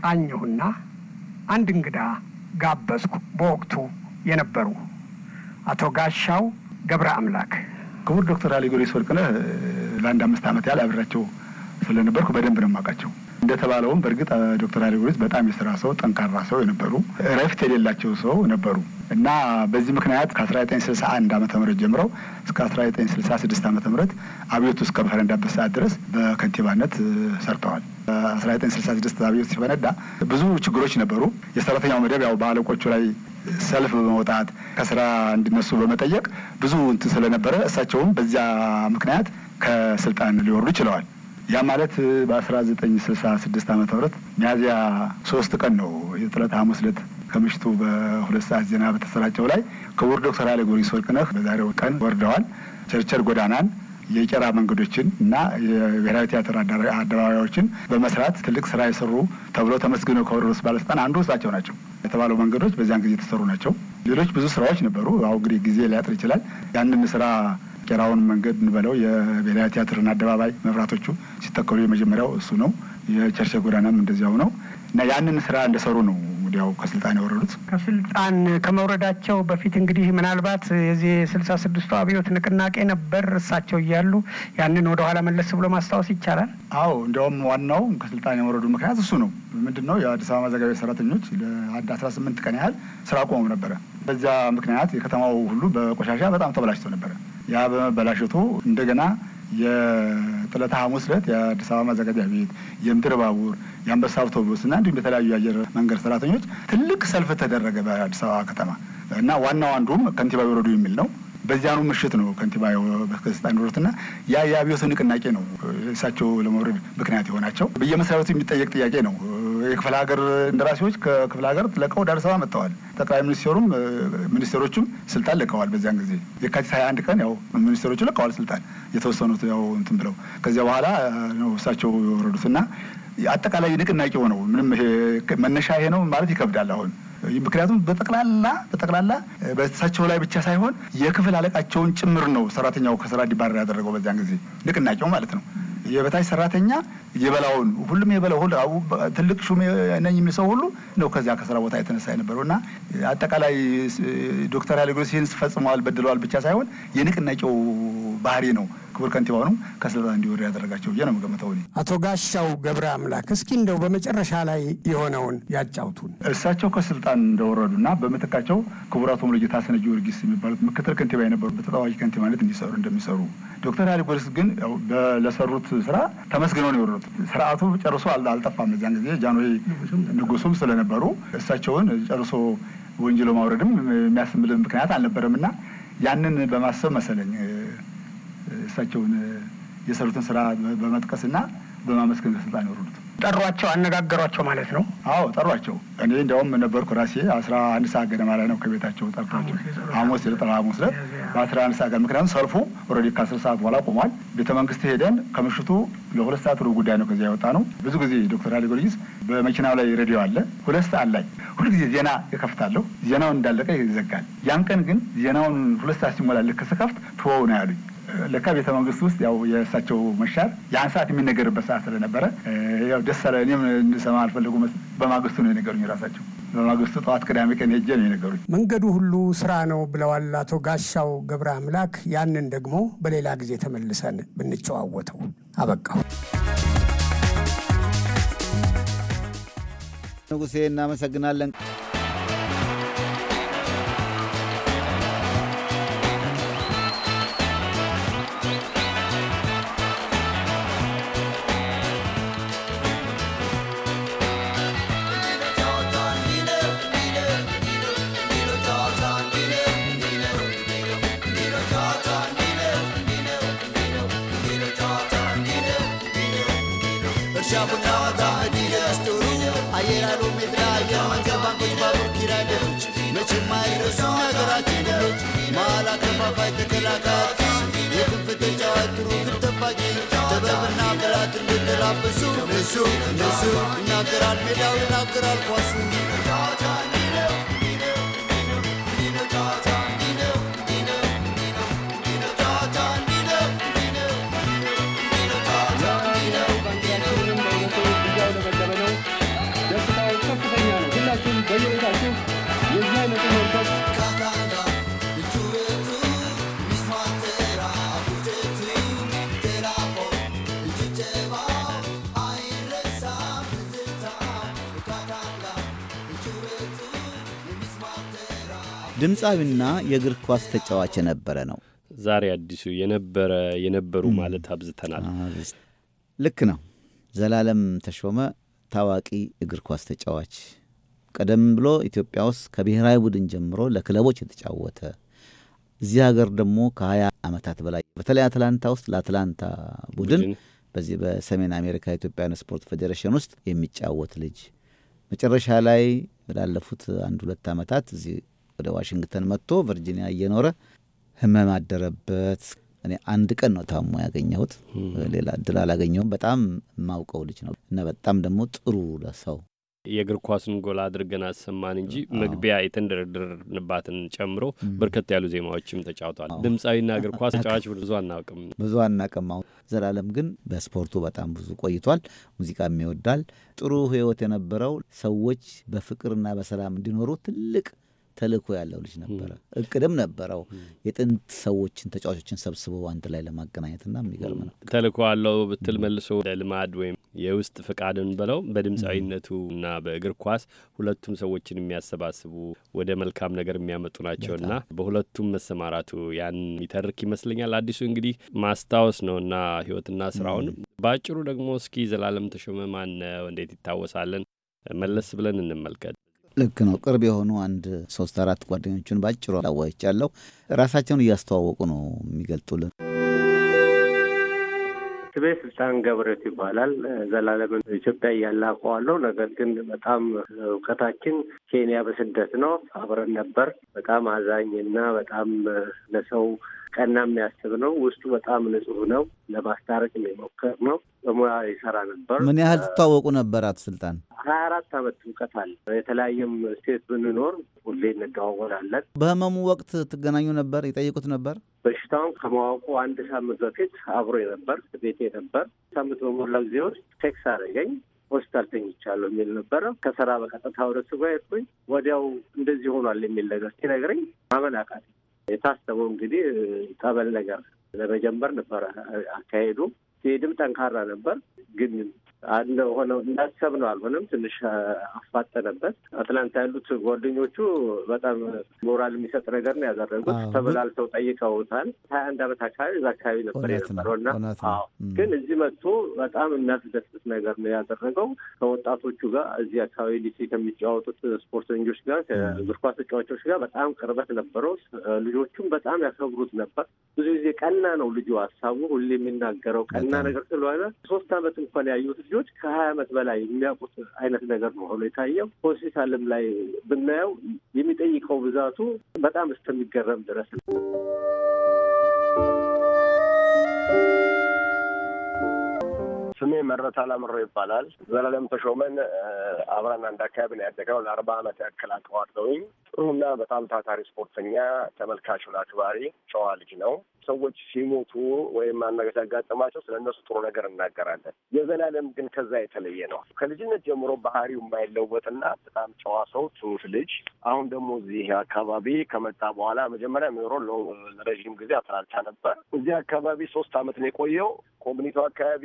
ቃኘሁና አንድ እንግዳ ጋበዝኩ። በወቅቱ የነበሩ አቶ ጋሻው ገብረ አምላክ። ክቡር ዶክተር አሊ ጎሪስ ወርቅነህ ለአንድ አምስት ዓመት ያህል አብሬያቸው ስለነበርኩ በደንብ ነው የማውቃቸው። እንደተባለውም በእርግጥ ዶክተር አደጎች በጣም የስራ ሰው፣ ጠንካራ ሰው የነበሩ እረፍት የሌላቸው ሰው ነበሩ እና በዚህ ምክንያት ከ1961 ዓ ም ጀምረው እስከ 1966 ዓ ም አብዮቱ እስከ ፈነዳበት ሰዓት ድረስ በከንቲባነት ሰርተዋል። በ1966 አብዮት ሲፈነዳ ብዙ ችግሮች ነበሩ። የሰራተኛው መደብ ያው በአለቆቹ ላይ ሰልፍ በመውጣት ከስራ እንዲነሱ በመጠየቅ ብዙ እንትን ስለነበረ እሳቸውም በዚያ ምክንያት ከስልጣን ሊወርዱ ችለዋል። ያ ማለት በ1966 ዓመተ ምህረት ሚያዝያ ሶስት ቀን ነው የጥለት ሐሙስ ዕለት ከምሽቱ በሁለት ሰዓት ዜና በተሰራጨው ላይ ክቡር ዶክተር ኃይለ ጊዮርጊስ ወርቅነህ በዛሬው ቀን ወርደዋል። ቸርቸር ጎዳናን የቄራ መንገዶችን እና የብሔራዊ ቲያትር አደባባዮችን በመስራት ትልቅ ስራ የሰሩ ተብሎ ተመስግነው ከወረዱት ባለስልጣን አንዱ እሳቸው ናቸው። የተባለው መንገዶች በዚያን ጊዜ የተሰሩ ናቸው። ሌሎች ብዙ ስራዎች ነበሩ። አሁ እንግዲህ ጊዜ ሊያጥር ይችላል። ያንን ስራ ቄራውን መንገድ እንበለው የብሔራዊ ቲያትርን አደባባይ መብራቶቹ ሲተከሉ የመጀመሪያው እሱ ነው። የቸርቸ ጎዳናም እንደዚያው ነው እና ያንን ስራ እንደሰሩ ነው ወዲያው ከስልጣን የወረዱት። ከስልጣን ከመውረዳቸው በፊት እንግዲህ ምናልባት የዚህ ስልሳ ስድስቱ አብዮት ንቅናቄ ነበር እሳቸው እያሉ ያንን ወደኋላ መለስ ብሎ ማስታወስ ይቻላል። አዎ እንዲያውም ዋናው ከስልጣን የወረዱ ምክንያት እሱ ነው። ምንድን ነው የአዲስ አበባ መዘጋቢያ ሰራተኞች ለአንድ አስራ ስምንት ቀን ያህል ስራ አቁመው ነበረ በዚያ ምክንያት የከተማው ሁሉ በቆሻሻ በጣም ተበላሽቶ ነበረ። ያ በመበላሸቱ እንደገና የጥለት ሐሙስ ዕለት የአዲስ አበባ ማዘጋጃ ቤት፣ የምድር ባቡር፣ የአንበሳ አውቶቡስ እና እንዲሁም የተለያዩ የአየር መንገድ ሰራተኞች ትልቅ ሰልፍ ተደረገ በአዲስ አበባ ከተማ እና ዋናው አንዱም ከንቲባ ይውረዱ የሚል ነው። በዚያኑ ምሽት ነው ከንቲባ በስልጣን ኖሩትና ያ የአብዮት ንቅናቄ ነው እሳቸው ለመውረድ ምክንያት የሆናቸው። በየመስሪያ ቤቱ የሚጠየቅ ጥያቄ ነው። የክፍለ ሀገር እንደራሴዎች ከክፍለ ሀገር ለቀው አዲስ አበባ መጥተዋል። ጠቅላይ ሚኒስቴሩም ሚኒስቴሮቹም ስልጣን ለቀዋል። በዚያን ጊዜ የካቲት ሀያ አንድ ቀን ያው ሚኒስቴሮቹ ለቀዋል ስልጣን የተወሰኑት ያው እንትን ብለው ከዚያ በኋላ ነው እሳቸው የወረዱትና አጠቃላይ ንቅናቄ ሆነው ምንም መነሻ ይሄ ነው ማለት ይከብዳል አሁን ምክንያቱም በጠቅላላ በጠቅላላ በእሳቸው ላይ ብቻ ሳይሆን የክፍል አለቃቸውን ጭምር ነው ሰራተኛው ከስራ እንዲባረር ያደረገው በዚያን ጊዜ ንቅናቄው ማለት ነው። የበታች ሰራተኛ የበላውን ሁሉም የበላው ሁሉ ትልቅ ሹም ነኝ የሚል ሰው ሁሉ ነው ከዚያ ከስራ ቦታ የተነሳ የነበረው እና አጠቃላይ ዶክተር ኃይለጊዮርጊስ ይህን ፈጽመዋል በድለዋል ብቻ ሳይሆን የንቅናቄው ባህሪ ነው ክቡር ከንቲባውንም ከስልጣን እንዲወር ያደረጋቸው ብዬ ነው የምገምተው። አቶ ጋሻው ገብረ አምላክ እስኪ እንደው በመጨረሻ ላይ የሆነውን ያጫውቱን። እሳቸው ከስልጣን እንደወረዱና በምትካቸው ክቡር አቶ ሙሉጌታ አስነ ጊዮርጊስ የሚባሉት ምክትል ከንቲባ የነበሩበት ተጠባባቂ ከንቲባነት እንዲሰሩ እንደሚሰሩ ዶክተር ፖሊስ ግን ለሰሩት ስራ ተመስግነው ነው የወረዱት። ስርዓቱ ጨርሶ አልጠፋም። እዚያን ጊዜ ጃንሆይ ንጉሱም ስለነበሩ እሳቸውን ጨርሶ ወንጅሎ ማውረድም የሚያስምል ምክንያት አልነበረም እና ያንን በማሰብ መሰለኝ እሳቸውን የሰሩትን ስራ በመጥቀስና በማመስገን ስልጣን የወረዱት። ጠሯቸው፣ አነጋገሯቸው ማለት ነው? አዎ ጠሯቸው። እኔ እንዲያውም ነበርኩ ራሴ አስራ አንድ ሰዓት ገደማ ላይ ነው ከቤታቸው ጠርቷቸው ሐሙስ ጠራ ሐሙስ ዕለት በአስራ አንድ ሰዓት ምክንያቱም ሰልፉ ኦልሬዲ ከአስር ሰዓት በኋላ ቆሟል። ቤተ መንግስት ሄደን ከምሽቱ ለሁለት ሰዓት ሩብ ጉዳይ ነው ከዚያ የወጣ ነው። ብዙ ጊዜ ዶክተር አሊ ጎርጊስ በመኪናው ላይ ሬዲዮ አለ። ሁለት ሰዓት ላይ ሁልጊዜ ዜና ይከፍታለሁ። ዜናውን እንዳለቀ ይዘጋል። ያን ቀን ግን ዜናውን ሁለት ሰዓት ሲሞላ ልክ ስከፍት ትወው ነው ያሉኝ። ለካ ቤተ መንግስት ውስጥ ያው የእሳቸው መሻር የአንድ ሰዓት የሚነገርበት ሰዓት ስለነበረ ያው ደስ አለ። እኔም እንድሰማ አልፈለጉም። በማግስቱ ነው የነገሩኝ ራሳቸው በማግስቱ ጠዋት ቅዳሜ ቀን ሄጄ ነው የነገሩኝ። መንገዱ ሁሉ ስራ ነው ብለዋል አቶ ጋሻው ገብረ አምላክ። ያንን ደግሞ በሌላ ጊዜ ተመልሰን ብንጨዋወተው። አበቃው። ንጉሴ እናመሰግናለን። ተከፋፋይ ተከላካፊ የክንፍ ተጫዋች ግብ ጠባቂ ጥበብና ቅላት እንደተላበሱ እነሱ እነሱ ይናገራል ሜዳው ይናገራል ኳሱ ድምፃዊና የእግር ኳስ ተጫዋች የነበረ ነው። ዛሬ አዲሱ የነበረ የነበሩ ማለት አብዝተናል። ልክ ነው። ዘላለም ተሾመ ታዋቂ እግር ኳስ ተጫዋች፣ ቀደም ብሎ ኢትዮጵያ ውስጥ ከብሔራዊ ቡድን ጀምሮ ለክለቦች የተጫወተ እዚህ ሀገር ደግሞ ከ20 ዓመታት በላይ በተለይ አትላንታ ውስጥ ለአትላንታ ቡድን በዚህ በሰሜን አሜሪካ ኢትዮጵያን ስፖርት ፌዴሬሽን ውስጥ የሚጫወት ልጅ መጨረሻ ላይ ላለፉት አንድ ሁለት ዓመታት እዚህ ወደ ዋሽንግተን መጥቶ ቨርጂኒያ እየኖረ ህመም አደረበት። እኔ አንድ ቀን ነው ታሞ ያገኘሁት፣ ሌላ እድል አላገኘሁም። በጣም የማውቀው ልጅ ነው እና በጣም ደግሞ ጥሩ ለሰው የእግር ኳስን ጎላ አድርገን አሰማን እንጂ መግቢያ የተንደረደርንባትን ጨምሮ በርከት ያሉ ዜማዎችም ተጫውቷል። ድምፃዊና እግር ኳስ ተጫዋች ብዙ አናውቅም ብዙ አናውቅም። አሁን ዘላለም ግን በስፖርቱ በጣም ብዙ ቆይቷል። ሙዚቃም ይወዳል። ጥሩ ህይወት የነበረው ሰዎች በፍቅርና በሰላም እንዲኖሩ ትልቅ ተልእኮ ያለው ልጅ ነበረ። እቅድም ነበረው የጥንት ሰዎችን ተጫዋቾችን ሰብስበው አንድ ላይ ለማገናኘትና የሚገርም ነው። ተልእኮ ያለው ብትል መልሶ ልማድ ወይም የውስጥ ፍቃድን ብለው በድምፃዊነቱ እና በእግር ኳስ ሁለቱም ሰዎችን የሚያሰባስቡ ወደ መልካም ነገር የሚያመጡ ናቸውና በሁለቱም መሰማራቱ ያን የሚተርክ ይመስለኛል። አዲሱ እንግዲህ ማስታወስ ነውና ህይወትና ስራውን በአጭሩ ደግሞ እስኪ ዘላለም ተሾመ ማን ነው? እንዴት ይታወሳለን? መለስ ብለን እንመልከት። ልክ ነው። ቅርብ የሆኑ አንድ ሶስት አራት ጓደኞቹን ባጭሩ አዋይቻለሁ። ራሳቸውን እያስተዋወቁ ነው የሚገልጡልን። ስሜ ስልጣን ገብረት ይባላል። ዘላለምን ኢትዮጵያ እያለ አውቀዋለሁ። ነገር ግን በጣም እውቀታችን ኬንያ በስደት ነው። አብረን ነበር። በጣም አዛኝ እና በጣም ለሰው ቀና የሚያስብ ነው። ውስጡ በጣም ንጹህ ነው። ለማስታረቅ የሚሞከር ነው። በሙያ ይሰራ ነበር። ምን ያህል ትታወቁ ነበር? አቶ ስልጣን ሀያ አራት አመት እውቀት አለ። የተለያየም ስቴት ብንኖር ሁሌ እንደዋወላለን። በህመሙ ወቅት ትገናኙ ነበር? ይጠይቁት ነበር? በሽታውን ከማወቁ አንድ ሳምንት በፊት አብሮ ነበር፣ ቤቴ ነበር። ሳምንት በሞላ ጊዜ ውስጥ ቴክስ አደረገኝ ሆስፒታል ተኝቻለሁ የሚል ነበረ። ከስራ በቀጥታ ወደ ሱጋ ሄድኩኝ። ወዲያው እንደዚህ ሆኗል የሚል ነገር ሲነግረኝ ማመን አቃተኝ። የታሰበው እንግዲህ ጠበል ነገር ለመጀመር ነበረ አካሄዱ። ሲሄድም ጠንካራ ነበር፣ ግን አለ ሆነው እንዳሰብ ነው። አልሆነም ትንሽ አፋጠነበት። አትላንታ ያሉት ጓደኞቹ በጣም ሞራል የሚሰጥ ነገር ነው ያደረጉት። ተበላልተው ጠይቀውታል። ሀያ አንድ አመት አካባቢ እዛ አካባቢ ነበር የነበረው እና ግን እዚህ መጥቶ በጣም የሚያስደስት ነገር ነው ያደረገው። ከወጣቶቹ ጋር እዚህ አካባቢ ዲሲ ከሚጫወቱት ስፖርተኞች ጋር፣ ከእግር ኳስ ተጫዋቾች ጋር በጣም ቅርበት ነበረው። ልጆቹም በጣም ያከብሩት ነበር። ብዙ ጊዜ ቀና ነው ልጁ፣ ሀሳቡ ሁሌ የሚናገረው ቀና ነገር ስለሆነ ሶስት አመት እንኳን ያዩት ዩኒቨርሲቲዎች ከሀያ ዓመት በላይ የሚያውቁት አይነት ነገር መሆኑ የታየው ሆስፒታልም ላይ ብናየው የሚጠይቀው ብዛቱ በጣም እስከሚገረም ድረስ ነው። ስሜ መረታ ላምሮ ይባላል። ዘላለም ተሾመን አብረን አንድ አካባቢ ነው ያደገው ለአርባ ዓመት ያክል አውቀዋለሁኝ። ጥሩና በጣም ታታሪ ስፖርተኛ፣ ተመልካች አክባሪ፣ ጨዋ ልጅ ነው። ሰዎች ሲሞቱ ወይም አናገር ሲያጋጥማቸው ስለ እነሱ ጥሩ ነገር እናገራለን። የዘላለም ግን ከዛ የተለየ ነው። ከልጅነት ጀምሮ ባህሪው የማይለወጥና በጣም ጨዋ ሰው፣ ትንሽ ልጅ። አሁን ደግሞ እዚህ አካባቢ ከመጣ በኋላ መጀመሪያ ኖሮ ለረዥም ጊዜ አትላልታ ነበር። እዚህ አካባቢ ሶስት አመት ነው የቆየው። ኮሚኒቲው አካባቢ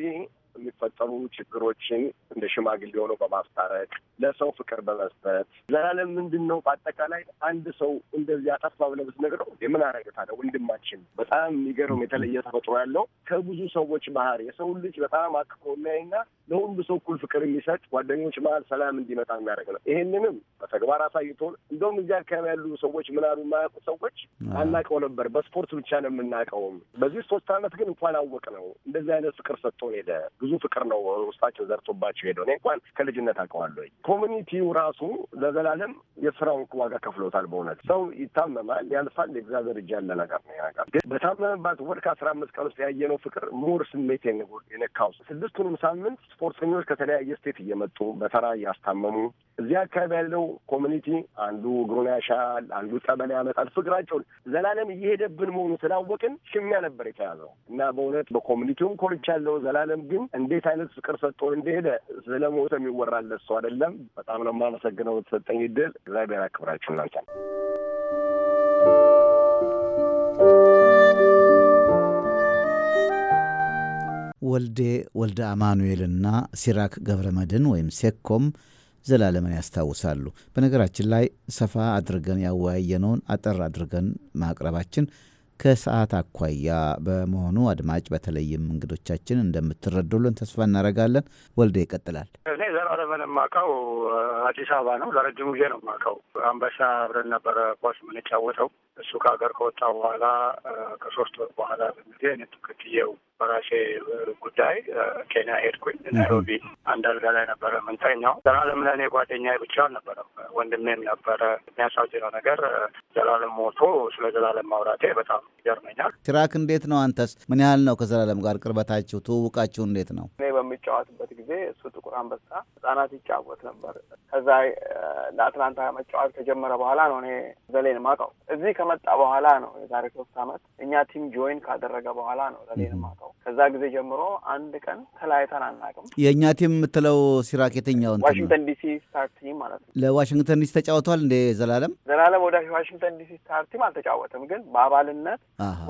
የሚፈጠሩ ችግሮችን እንደ ሽማግሌ ሆኖ በማስታረቅ ለሰው ፍቅር በመስጠት ዘላለም ምንድን ነው በአጠቃላይ አንድ ሰው እንደዚህ አጠፋ ብለህ ብትነግረው የምን አረገታ ነው ወንድማችን። በጣም የሚገርም የተለየ ተፈጥሮ ያለው ከብዙ ሰዎች ባህር የሰውን ልጅ በጣም አቅፎ የሚያይና ለሁሉ ሰው እኩል ፍቅር የሚሰጥ ጓደኞች መሀል ሰላም እንዲመጣ የሚያደርግ ነው። ይህንንም በተግባር አሳይቶን እንደውም እዚህ አካባቢ ያሉ ሰዎች ምናሉ የማያውቁ ሰዎች አናውቀው ነበር። በስፖርት ብቻ ነው የምናውቀውም። በዚህ ሶስት አመት ግን እንኳን አወቅ ነው እንደዚህ አይነት ፍቅር ሰጥቶን ሄደ። ብዙ ፍቅር ነው ውስጣችን ዘርቶባቸው ሄደው። እኔ እንኳን ከልጅነት አውቀዋለሁ። ኮሚኒቲው ራሱ ለዘላለም የስራውን ዋጋ ከፍሎታል። በእውነት ሰው ይታመማል፣ ያልፋል። የእግዚአብሔር እጅ ያለ ነገር ነው ነገር ግን በታመመባት ወር ከአስራ አምስት ቀን ውስጥ ያየነው ፍቅር ሙር ስሜት የነካው ስድስቱንም ሳምንት ስፖርተኞች ከተለያየ ስቴት እየመጡ በተራ እያስታመሙ እዚህ አካባቢ ያለው ኮሚኒቲ አንዱ እግሩን ያሻል፣ አንዱ ጸበል ያመጣል። ፍቅራቸውን ዘላለም እየሄደብን መሆኑ ስላወቅን ሽሚያ ነበር የተያዘው እና በእውነት በኮሚኒቲውም ኮርቻ ያለው ዘላለም ግን እንዴት አይነት ፍቅር ሰጥቶ እንደሄደ ስለ ሞተ የሚወራለት ሰው አይደለም። በጣም ነው የማመሰግነው በተሰጠኝ እድል። እግዚአብሔር አክብራችሁ እናንተ። ወልዴ ወልደ አማኑኤልና ሲራክ ገብረ መድን ወይም ሴኮም ዘላለምን ያስታውሳሉ። በነገራችን ላይ ሰፋ አድርገን ያወያየነውን አጠር አድርገን ማቅረባችን ከሰዓት አኳያ በመሆኑ አድማጭ፣ በተለይም እንግዶቻችን እንደምትረዱልን ተስፋ እናደርጋለን። ወልደ ይቀጥላል። ለምን የማውቀው አዲስ አበባ ነው። ለረጅም ጊዜ ነው የማውቀው። አንበሳ አብረን ነበረ ኳስ የምንጫወተው። እሱ ከሀገር ከወጣ በኋላ ከሶስት ወር በኋላ ጊዜ ንትክትየው በራሴ ጉዳይ ኬንያ ሄድኩኝ። ናይሮቢ አንድ አልጋ ላይ ነበረ ምንተኛው። ዘላለም ለእኔ ጓደኛ ብቻ አልነበረም ወንድሜም ነበረ። የሚያሳዝነው ነገር ዘላለም ሞቶ፣ ስለ ዘላለም ማውራቴ በጣም ይገርመኛል። ትራክ እንዴት ነው አንተስ? ምን ያህል ነው ከዘላለም ጋር ቅርበታችሁ? ትውውቃችሁ እንዴት ነው? እኔ በሚጫወትበት ጊዜ እሱ ጥቁር አንበሳ ሰዓት ይጫወት ነበር። ከዛ ለአትላንታ መጫወት ከጀመረ በኋላ ነው እኔ ዘሌን ማውቀው። እዚህ ከመጣ በኋላ ነው የዛሬ ሶስት አመት እኛ ቲም ጆይን ካደረገ በኋላ ነው ዘሌን ማውቀው። ከዛ ጊዜ ጀምሮ አንድ ቀን ተለያይተን አናውቅም። የእኛ ቲም የምትለው ሲራክ የትኛውን? ዋሽንግተን ዲሲ ስታር ቲም ማለት ነው። ለዋሽንግተን ዲሲ ተጫወቷል እንዴ ዘላለም? ዘላለም ወደ ዋሽንግተን ዲሲ ስታር ቲም አልተጫወተም፣ ግን በአባልነት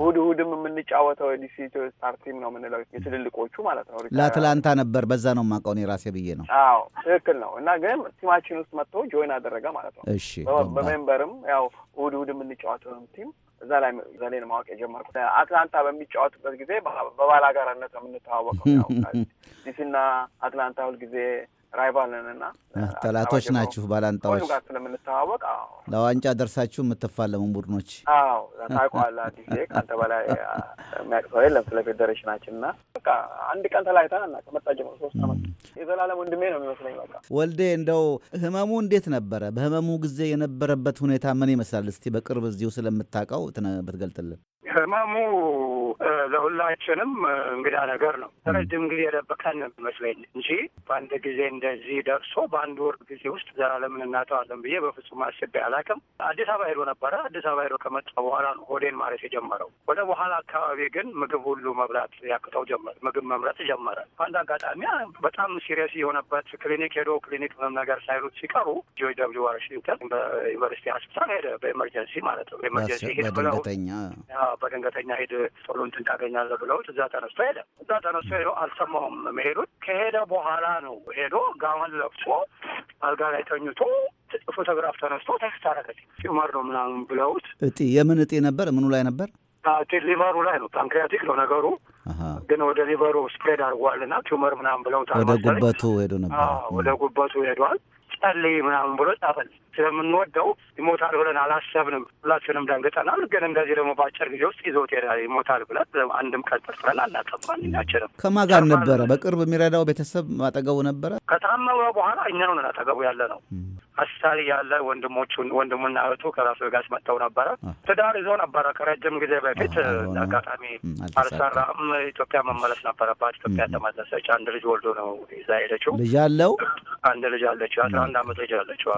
ሁድ እሑድም የምንጫወተው የዲሲ ስታር ቲም ነው የምንለው የትልልቆቹ ማለት ነው። ለአትላንታ ነበር። በዛ ነው የማውቀው እኔ ራሴ ብዬ ነው። አዎ ትክክል ነው እና ግን ቲማችን ውስጥ መጥቶ ጆይን አደረገ ማለት ነው። እሺ በሜምበርም ያው እሑድ እሑድ የምንጫወተውን ቲም እዛ ላይ ዘሌን ማወቅ የጀመርኩት አትላንታ በሚጫወቱበት ጊዜ በባላጋራነት ነው የምንተዋወቀው። ዲሲና አትላንታ ሁልጊዜ ራይቫልን እና ጠላቶች ናችሁ ባላንጣዎች ጋር ስለምንተዋወቅ ለዋንጫ ደርሳችሁ የምትፋለሙ ቡድኖች አዎ ታውቀዋለህ። አዲስ ከአንተ በላይ የሚያውቅ ሰው የለም ስለ ፌዴሬሽናችን እና በቃ አንድ ቀን ተለያይተን እና ከመጣ ጀምሮ ሶስት ዓመት የዘላለም ወንድሜ ነው የሚመስለኝ። በቃ ወልዴ፣ እንደው ህመሙ እንዴት ነበረ? በህመሙ ጊዜ የነበረበት ሁኔታ ምን ይመስላል? እስቲ በቅርብ እዚሁ ስለምታውቀው ብትገልጥልን። ህመሙ ለሁላችንም እንግዳ ነገር ነው። ረጅም ጊዜ የደበቀን መስለኝ እንጂ በአንድ ጊዜ እንደዚህ ደርሶ በአንድ ወር ጊዜ ውስጥ ዘላለምን እናተዋለን ብዬ በፍጹም አስቤ አላውቅም። አዲስ አበባ ሄዶ ነበረ። አዲስ አበባ ሄዶ ከመጣ በኋላ ነው ሆዴን ማረስ የጀመረው። ወደ በኋላ አካባቢ ግን ምግብ ሁሉ መብላት ያቅተው ጀመር፣ ምግብ መምረጥ ጀመረ። በአንድ አጋጣሚ በጣም ሲሪየስ የሆነበት ክሊኒክ ሄዶ ክሊኒክ ምንም ነገር ሳይሉት ሲቀሩ ጆርጅ ደብልዩ ዋሽንግተን በዩኒቨርሲቲ ሆስፒታል ሄደ። በኤመርጀንሲ ማለት ነው። በኤመርጀንሲ ሄድ ብለው በድንገተኛ ሄድ ቶሎ እንትን ታገኛለህ ብለውት እዛ ተነስቶ ሄደ። እዛ ተነስቶ ሄዶ አልሰማሁም መሄዱን። ከሄደ በኋላ ነው ሄዶ ጋውን ለብሶ አልጋ ላይ ተኝቶ ፎቶግራፍ ተነስቶ ቴክስት አረገች ጭመር ነው ምናምን ብለውት። እጢ የምን እጢ ነበር? ምኑ ላይ ነበር? ሊቨሩ ላይ ነው። ፓንክሪያቲክ ነው ነገሩ፣ ግን ወደ ሊቨሩ ስፕሬድ አድርጓል ና ቲዩመር ምናምን ብለውታል። ወደ ጉበቱ ሄዶ ነበር። ወደ ጉበቱ ሄዷል። ጸልይ ምናምን ብሎ ጻፈል ስለምንወደው ይሞታል ብለን አላሰብንም። ሁላችንም ደንግጠናል። ግን እንደዚህ ደግሞ በአጭር ጊዜ ውስጥ ይዞት ሄዳል። ይሞታል ብለን አንድም ቀን ጠርጥረን አናውቅም። ማንኛችንም ከማን ጋር ነበረ? በቅርብ የሚረዳው ቤተሰብ አጠገቡ ነበረ። ከታመመ በኋላ እኛ እኛውን አጠገቡ ያለ ነው አሳሪ ያለ ወንድሞቹን ወንድሙና እህቱ ከራሱ ጋር መጥተው ነበረ። ትዳር ይዞ ነበረ ከረጅም ጊዜ በፊት አጋጣሚ አልሰራም። ኢትዮጵያ መመለስ ነበረባት። ኢትዮጵያ ተመለሰች። አንድ ልጅ ወልዶ ነው ይዛ ሄደችው። ልጅ አለው። አንድ ልጅ አለችው። አስራ አንድ አመት ልጅ አለችው።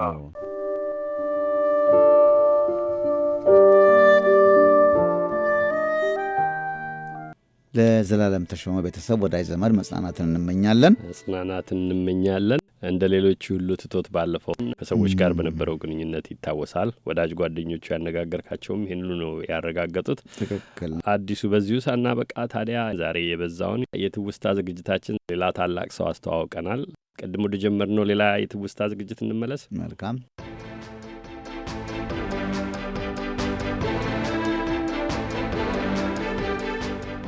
ለዘላለም ተሾመ ቤተሰብ ወዳጅ ዘመድ መጽናናትን እንመኛለን። መጽናናትን እንመኛለን። እንደ ሌሎቹ ሁሉ ትቶት ባለፈው ከሰዎች ጋር በነበረው ግንኙነት ይታወሳል። ወዳጅ ጓደኞቹ ያነጋገርካቸውም ይህንኑ ነው ያረጋገጡት። ትክክል። አዲሱ በዚሁ ሳናበቃ ታዲያ ዛሬ የበዛውን የትውስታ ዝግጅታችን ሌላ ታላቅ ሰው አስተዋውቀናል። ቀድሞ ደጀመርነው ሌላ የትውስታ ዝግጅት እንመለስ። መልካም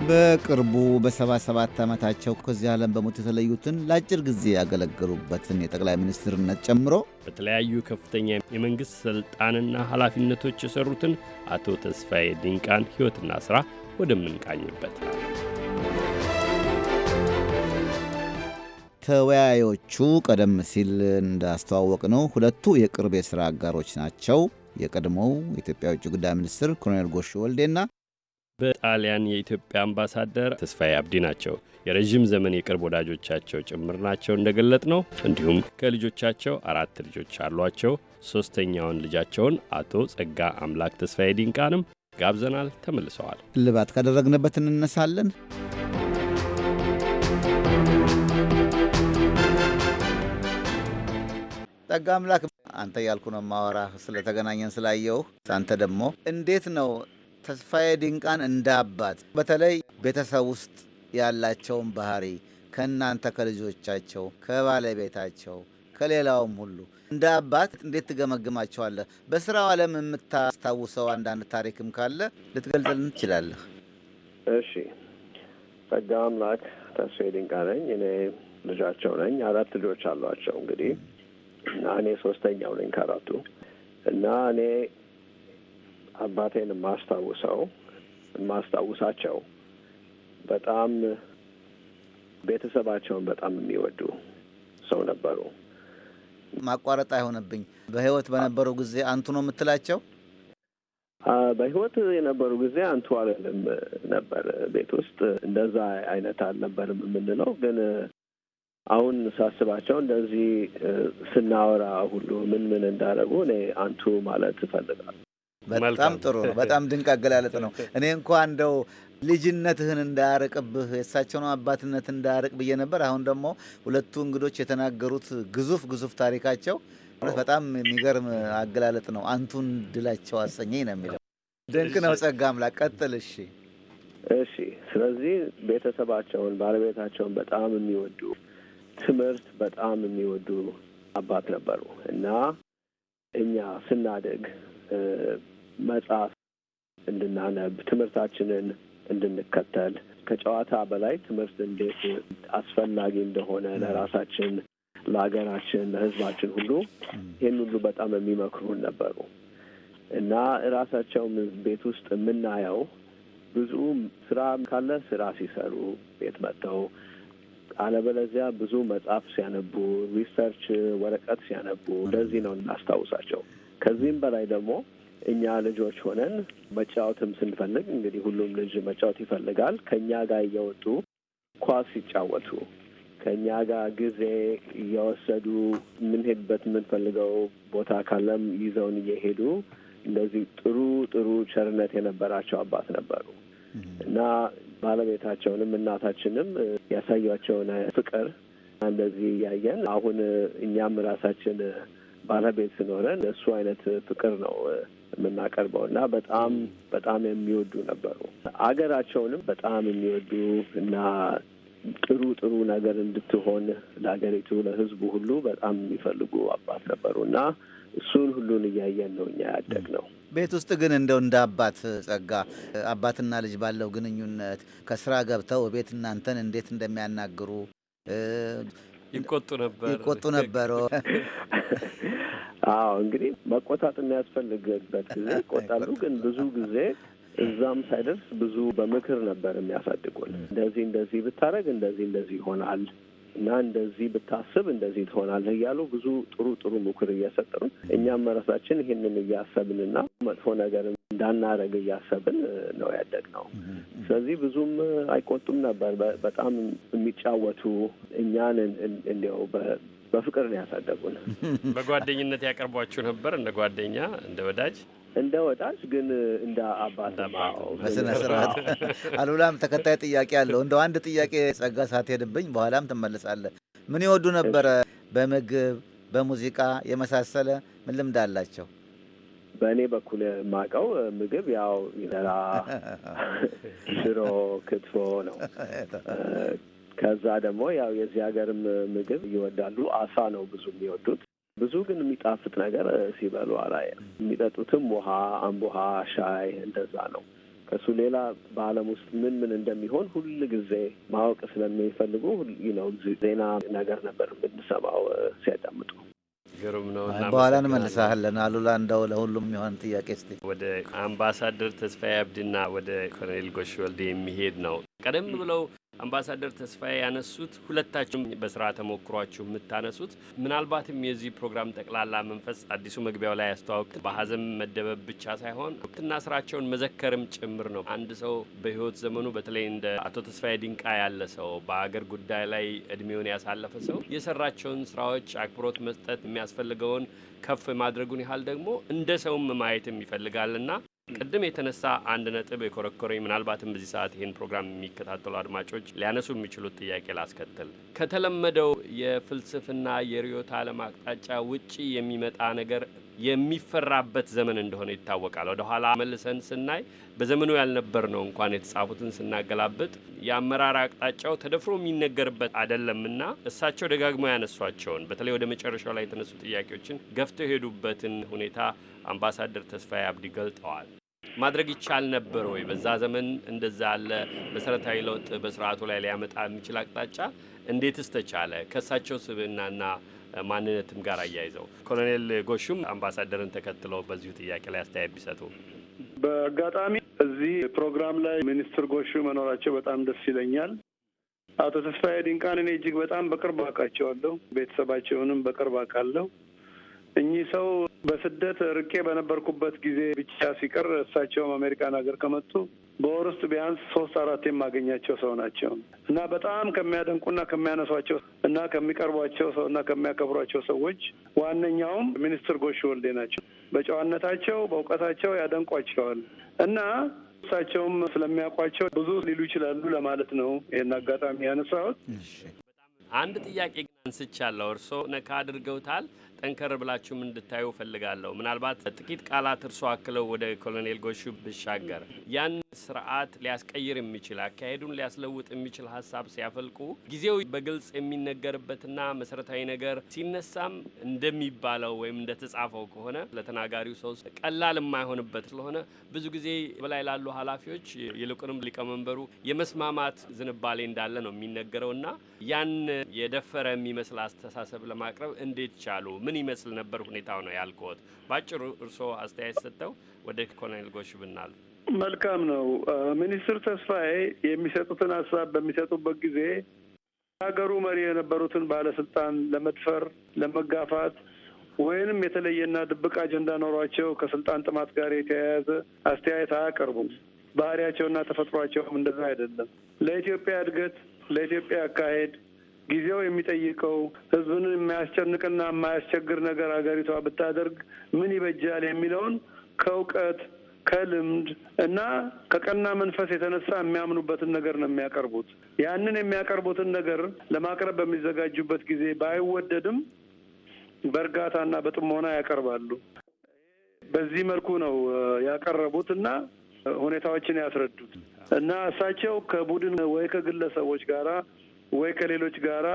በቅርቡ በሰባ ሰባት ዓመታቸው ከዚህ ዓለም በሞት የተለዩትን ለአጭር ጊዜ ያገለገሉበትን የጠቅላይ ሚኒስትርነት ጨምሮ በተለያዩ ከፍተኛ የመንግሥት ሥልጣንና ኃላፊነቶች የሠሩትን አቶ ተስፋዬ ድንቃን ሕይወትና ሥራ ወደምንቃኝበት ተወያዮቹ ቀደም ሲል እንዳስተዋወቅ ነው ሁለቱ የቅርብ የሥራ አጋሮች ናቸው። የቀድሞው የኢትዮጵያ ውጭ ጉዳይ ሚኒስትር ኮሎኔል ጎሹ ወልዴና በጣሊያን የኢትዮጵያ አምባሳደር ተስፋዬ አብዲ ናቸው። የረዥም ዘመን የቅርብ ወዳጆቻቸው ጭምር ናቸው እንደገለጥ ነው። እንዲሁም ከልጆቻቸው አራት ልጆች አሏቸው። ሶስተኛውን ልጃቸውን አቶ ጸጋ አምላክ ተስፋዬ ዲንቃንም ጋብዘናል። ተመልሰዋል። እልባት ካደረግንበት እንነሳለን። ጸጋ አምላክ አንተ ያልኩ ነው ማወራ ስለተገናኘን ስላየው አንተ ደግሞ እንዴት ነው ተስፋዬ ድንቃን እንደ አባት በተለይ ቤተሰብ ውስጥ ያላቸውን ባህሪ ከእናንተ ከልጆቻቸው፣ ከባለቤታቸው፣ ከሌላውም ሁሉ እንደ አባት እንዴት ትገመግማቸዋለህ? በስራው ዓለም የምታስታውሰው አንዳንድ ታሪክም ካለ ልትገልጽልን ትችላለህ? እሺ፣ ጸጋ አምላክ ተስፋዬ ድንቃ ነኝ። እኔ ልጃቸው ነኝ። አራት ልጆች አሏቸው። እንግዲህ እኔ ሶስተኛው ነኝ ከአራቱ እና እኔ አባቴን የማስታውሰው የማስታውሳቸው በጣም ቤተሰባቸውን በጣም የሚወዱ ሰው ነበሩ። ማቋረጥ አይሆንብኝ። በህይወት በነበሩ ጊዜ አንቱ ነው የምትላቸው? በህይወት የነበሩ ጊዜ አንቱ አለልም ነበር። ቤት ውስጥ እንደዛ አይነት አልነበርም የምንለው ግን አሁን ሳስባቸው እንደዚህ ስናወራ ሁሉ ምን ምን እንዳደረጉ እኔ አንቱ ማለት እፈልጋለሁ። በጣም ጥሩ ነው። በጣም ድንቅ አገላለጥ ነው። እኔ እንኳ እንደው ልጅነትህን እንዳያርቅብህ የእሳቸውን አባትነት እንዳያርቅ ብዬ ነበር። አሁን ደግሞ ሁለቱ እንግዶች የተናገሩት ግዙፍ ግዙፍ ታሪካቸው በጣም የሚገርም አገላለጥ ነው። አንቱን ድላቸው አሰኘኝ ነው የሚለው ድንቅ ነው። ጸጋ አምላክ ቀጥል። እሺ፣ እሺ። ስለዚህ ቤተሰባቸውን ባለቤታቸውን በጣም የሚወዱ ትምህርት በጣም የሚወዱ አባት ነበሩ እና እኛ ስናደግ መጽሐፍ እንድናነብ ትምህርታችንን እንድንከተል ከጨዋታ በላይ ትምህርት እንዴት አስፈላጊ እንደሆነ ለራሳችን፣ ለሀገራችን፣ ለሕዝባችን ሁሉ ይህን ሁሉ በጣም የሚመክሩን ነበሩ እና ራሳቸውም ቤት ውስጥ የምናየው ብዙ ስራ ካለ ስራ ሲሰሩ ቤት መጥተው፣ አለበለዚያ ብዙ መጽሐፍ ሲያነቡ፣ ሪሰርች ወረቀት ሲያነቡ እንደዚህ ነው እናስታውሳቸው። ከዚህም በላይ ደግሞ እኛ ልጆች ሆነን መጫወትም ስንፈልግ እንግዲህ ሁሉም ልጅ መጫወት ይፈልጋል። ከእኛ ጋር እየወጡ ኳስ ሲጫወቱ ከእኛ ጋር ጊዜ እየወሰዱ የምንሄድበት የምንፈልገው ቦታ ካለም ይዘውን እየሄዱ እንደዚህ ጥሩ ጥሩ ቸርነት የነበራቸው አባት ነበሩ እና ባለቤታቸውንም እናታችንም ያሳያቸውን ፍቅር እንደዚህ እያየን አሁን እኛም ራሳችን ባለቤት ስኖረን እሱ አይነት ፍቅር ነው የምናቀርበው እና በጣም በጣም የሚወዱ ነበሩ። አገራቸውንም በጣም የሚወዱ እና ጥሩ ጥሩ ነገር እንድትሆን ለሀገሪቱ ለሕዝቡ ሁሉ በጣም የሚፈልጉ አባት ነበሩ እና እሱን ሁሉን እያየን ነው እኛ ያደግ ነው። ቤት ውስጥ ግን እንደው እንደ አባት ጸጋ አባትና ልጅ ባለው ግንኙነት ከስራ ገብተው ቤት እናንተን እንዴት እንደሚያናግሩ ይቆጡ ነበር ይቆጡ ነበረ። አዎ እንግዲህ መቆጣት የሚያስፈልግበት ጊዜ ይቆጣሉ። ግን ብዙ ጊዜ እዛም ሳይደርስ ብዙ በምክር ነበር የሚያሳድጉን። እንደዚህ እንደዚህ ብታደረግ እንደዚህ እንደዚህ ይሆናል እና እንደዚህ ብታስብ እንደዚህ ትሆናለህ እያሉ ብዙ ጥሩ ጥሩ ምክር እየሰጡን እኛም መረሳችን ይህንን እያሰብንና መጥፎ ነገር እንዳናረግ እያሰብን ነው ያደግነው። ስለዚህ ብዙም አይቆጡም ነበር። በጣም የሚጫወቱ እኛን እንዲያው በፍቅር ነው ያሳደጉን። በጓደኝነት ያቀርቧችሁ ነበር? እንደ ጓደኛ፣ እንደ ወዳጅ፣ እንደ ወዳጅ ግን እንደ አባት በስነ ስርዓት። አሉላም ተከታይ ጥያቄ አለው። እንደው አንድ ጥያቄ ጸጋ ሳትሄድብኝ በኋላም ትመልሳለህ። ምን ይወዱ ነበረ? በምግብ በሙዚቃ የመሳሰለ ምን ልምድ አላቸው? በእኔ በኩል የማውቀው ምግብ ያው ይነራ፣ ሽሮ፣ ክትፎ ነው። ከዛ ደግሞ ያው የዚህ ሀገርም ምግብ ይወዳሉ። አሳ ነው ብዙ የሚወዱት። ብዙ ግን የሚጣፍጥ ነገር ሲበሉ አላ የሚጠጡትም ውሃ፣ አምቦሃ፣ ሻይ እንደዛ ነው። ከሱ ሌላ በዓለም ውስጥ ምን ምን እንደሚሆን ሁል ጊዜ ማወቅ ስለሚፈልጉ ነው ዜና ነገር ነበር የምንሰማው ሲያዳምጡ። ግሩም ነው። በኋላ እንመልሳለን። አሉላ እንደው ለሁሉም የሆን ጥያቄ ስ ወደ አምባሳደር ተስፋዬ አብድና ወደ ኮሎኔል ጎሽ ወልዴ የሚሄድ ነው። ቀደም ብለው አምባሳደር ተስፋዬ ያነሱት ሁለታችሁም በስራ ተሞክሯችሁ የምታነሱት ምናልባትም የዚህ ፕሮግራም ጠቅላላ መንፈስ አዲሱ መግቢያው ላይ ያስተዋውቅ በሀዘን መደበብ ብቻ ሳይሆን ወቅትና ስራቸውን መዘከርም ጭምር ነው። አንድ ሰው በህይወት ዘመኑ በተለይ እንደ አቶ ተስፋዬ ድንቃ ያለ ሰው በአገር ጉዳይ ላይ እድሜውን ያሳለፈ ሰው የሰራቸውን ስራዎች አክብሮት መስጠት የሚያስፈልገውን ከፍ ማድረጉን ያህል ደግሞ እንደ ሰውም ማየትም ይፈልጋልና ቅድም የተነሳ አንድ ነጥብ የኮረኮረኝ ምናልባትም በዚህ ሰዓት ይህን ፕሮግራም የሚከታተሉ አድማጮች ሊያነሱ የሚችሉት ጥያቄ ላስከትል። ከተለመደው የፍልስፍና የርዕዮተ ዓለም አቅጣጫ ውጪ የሚመጣ ነገር የሚፈራበት ዘመን እንደሆነ ይታወቃል። ወደ ኋላ መልሰን ስናይ በዘመኑ ያልነበር ነው እንኳን የተጻፉትን ስናገላብጥ የአመራር አቅጣጫው ተደፍሮ የሚነገርበት አይደለምና እሳቸው ደጋግመው ያነሷቸውን በተለይ ወደ መጨረሻው ላይ የተነሱ ጥያቄዎችን ገፍተው የሄዱበትን ሁኔታ አምባሳደር ተስፋዬ አብዲ ገልጠዋል። ማድረግ ይቻል ነበር ወይ? በዛ ዘመን እንደዛ ያለ መሰረታዊ ለውጥ በስርዓቱ ላይ ሊያመጣ የሚችል አቅጣጫ እንዴትስ ተቻለ? ከእሳቸው ስብዕናና ማንነትም ጋር አያይዘው ኮሎኔል ጎሹም አምባሳደርን ተከትለው በዚሁ ጥያቄ ላይ አስተያየት ቢሰጡ። በአጋጣሚ እዚህ ፕሮግራም ላይ ሚኒስትር ጎሹ መኖራቸው በጣም ደስ ይለኛል። አቶ ተስፋዬ ድንቃን እኔ እጅግ በጣም በቅርብ አውቃቸዋለሁ። ቤተሰባቸውንም በቅርብ አውቃለሁ። እኚህ ሰው በስደት ርቄ በነበርኩበት ጊዜ ብቻ ሲቀር እሳቸውም አሜሪካን ሀገር ከመጡ በወር ውስጥ ቢያንስ ሶስት አራት የማገኛቸው ሰው ናቸው እና በጣም ከሚያደንቁና ከሚያነሷቸው እና ከሚቀርቧቸው ሰው እና ከሚያከብሯቸው ሰዎች ዋነኛውም ሚኒስትር ጎሽ ወልዴ ናቸው። በጨዋነታቸው በእውቀታቸው ያደንቋቸዋል እና እሳቸውም ስለሚያውቋቸው ብዙ ሊሉ ይችላሉ ለማለት ነው ይህን አጋጣሚ ያነሳሁት። አንድ ጥያቄ ግን አንስቻለሁ፣ እርስዎ ነካ አድርገውታል። ጠንከር ብላችሁም እንድታዩ ፈልጋለሁ። ምናልባት ጥቂት ቃላት እርሶ አክለው ወደ ኮሎኔል ጎሹ ብሻገር ያን ስርዓት ሊያስቀይር የሚችል አካሄዱን ሊያስለውጥ የሚችል ሀሳብ ሲያፈልቁ ጊዜው በግልጽ የሚነገርበትና መሰረታዊ ነገር ሲነሳም እንደሚባለው ወይም እንደተጻፈው ከሆነ ለተናጋሪው ሰው ቀላል የማይሆንበት ስለሆነ ብዙ ጊዜ በላይ ላሉ ኃላፊዎች ይልቁንም ሊቀመንበሩ የመስማማት ዝንባሌ እንዳለ ነው የሚነገረው እና ያን የደፈረ የሚመስል አስተሳሰብ ለማቅረብ እንዴት ቻሉ? ምን ይመስል ነበር ሁኔታው ነው ያልኩት። በአጭሩ እርስዎ አስተያየት ሰጥተው ወደ ኮሎኔል ጎሽ ብናል። መልካም ነው። ሚኒስትር ተስፋዬ የሚሰጡትን ሀሳብ በሚሰጡበት ጊዜ ሀገሩ መሪ የነበሩትን ባለስልጣን ለመድፈር፣ ለመጋፋት ወይንም የተለየና ድብቅ አጀንዳ ኖሯቸው ከስልጣን ጥማት ጋር የተያያዘ አስተያየት አያቀርቡም። ባህሪያቸውና ተፈጥሯቸውም እንደዛ አይደለም። ለኢትዮጵያ እድገት፣ ለኢትዮጵያ አካሄድ፣ ጊዜው የሚጠይቀው ህዝብን የሚያስጨንቅና የማያስቸግር ነገር አገሪቷ ብታደርግ ምን ይበጃል የሚለውን ከእውቀት ከልምድ እና ከቀና መንፈስ የተነሳ የሚያምኑበትን ነገር ነው የሚያቀርቡት። ያንን የሚያቀርቡትን ነገር ለማቅረብ በሚዘጋጁበት ጊዜ ባይወደድም በእርጋታና በጥሞና ያቀርባሉ። በዚህ መልኩ ነው ያቀረቡት እና ሁኔታዎችን ያስረዱት እና እሳቸው ከቡድን ወይ ከግለሰቦች ጋራ ወይ ከሌሎች ጋራ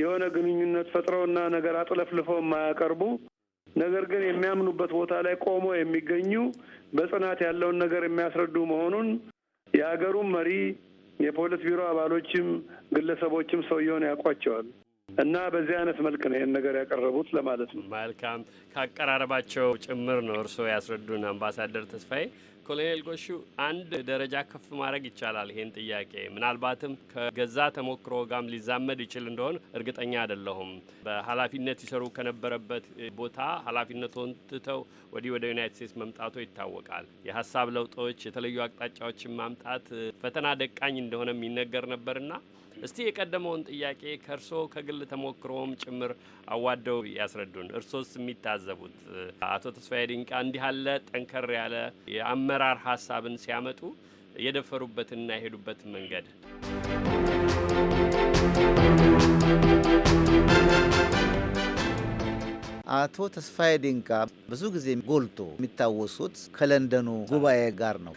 የሆነ ግንኙነት ፈጥረውና ነገር አጥለፍልፈው የማያቀርቡ ነገር ግን የሚያምኑበት ቦታ ላይ ቆሞ የሚገኙ በጽናት ያለውን ነገር የሚያስረዱ መሆኑን የሀገሩን መሪ የፖሊስ ቢሮ አባሎችም ግለሰቦችም ሰውየውን ያውቋቸዋል እና በዚህ አይነት መልክ ነው ይህን ነገር ያቀረቡት ለማለት ነው። መልካም ከአቀራረባቸው ጭምር ነው እርስዎ ያስረዱን አምባሳደር ተስፋዬ። ኮሎኔል ጎሹ አንድ ደረጃ ከፍ ማድረግ ይቻላል። ይሄን ጥያቄ ምናልባትም ከገዛ ተሞክሮ ጋም ሊዛመድ ይችል እንደሆን እርግጠኛ አይደለሁም። በኃላፊነት ይሰሩ ከነበረበት ቦታ ኃላፊነቱን ትተው ወዲህ ወደ ዩናይት ስቴትስ መምጣቱ ይታወቃል። የሀሳብ ለውጦች፣ የተለዩ አቅጣጫዎችን ማምጣት ፈተና ደቃኝ እንደሆነም ይነገር ነበርና እስቲ የቀደመውን ጥያቄ ከእርስዎ ከግል ተሞክሮም ጭምር አዋደው ያስረዱን። እርሶስ የሚታዘቡት አቶ ተስፋዬ ድንቃ እንዲህ ያለ ጠንከር ያለ የአመራር ሀሳብን ሲያመጡ የደፈሩበትንና የሄዱበትን መንገድ አቶ ተስፋዬ ድንቃ ብዙ ጊዜ ጎልቶ የሚታወሱት ከለንደኑ ጉባኤ ጋር ነው።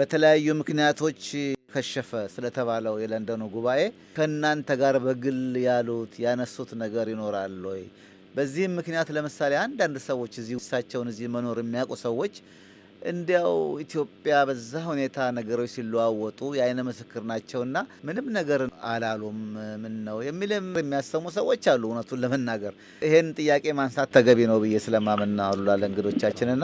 በተለያዩ ምክንያቶች ከሸፈ ስለተባለው የለንደኑ ጉባኤ ከእናንተ ጋር በግል ያሉት ያነሱት ነገር ይኖራል ወይ? በዚህም ምክንያት ለምሳሌ አንዳንድ ሰዎች እዚህ እሳቸውን እዚህ መኖር የሚያውቁ ሰዎች እንዲያው ኢትዮጵያ በዛ ሁኔታ ነገሮች ሲለዋወጡ የአይነ ምስክር ናቸውና ምንም ነገር አላሉም፣ ምን ነው የሚልም የሚያሰሙ ሰዎች አሉ። እውነቱን ለመናገር ይሄን ጥያቄ ማንሳት ተገቢ ነው ብዬ ስለማምና አሉላ ለእንግዶቻችንና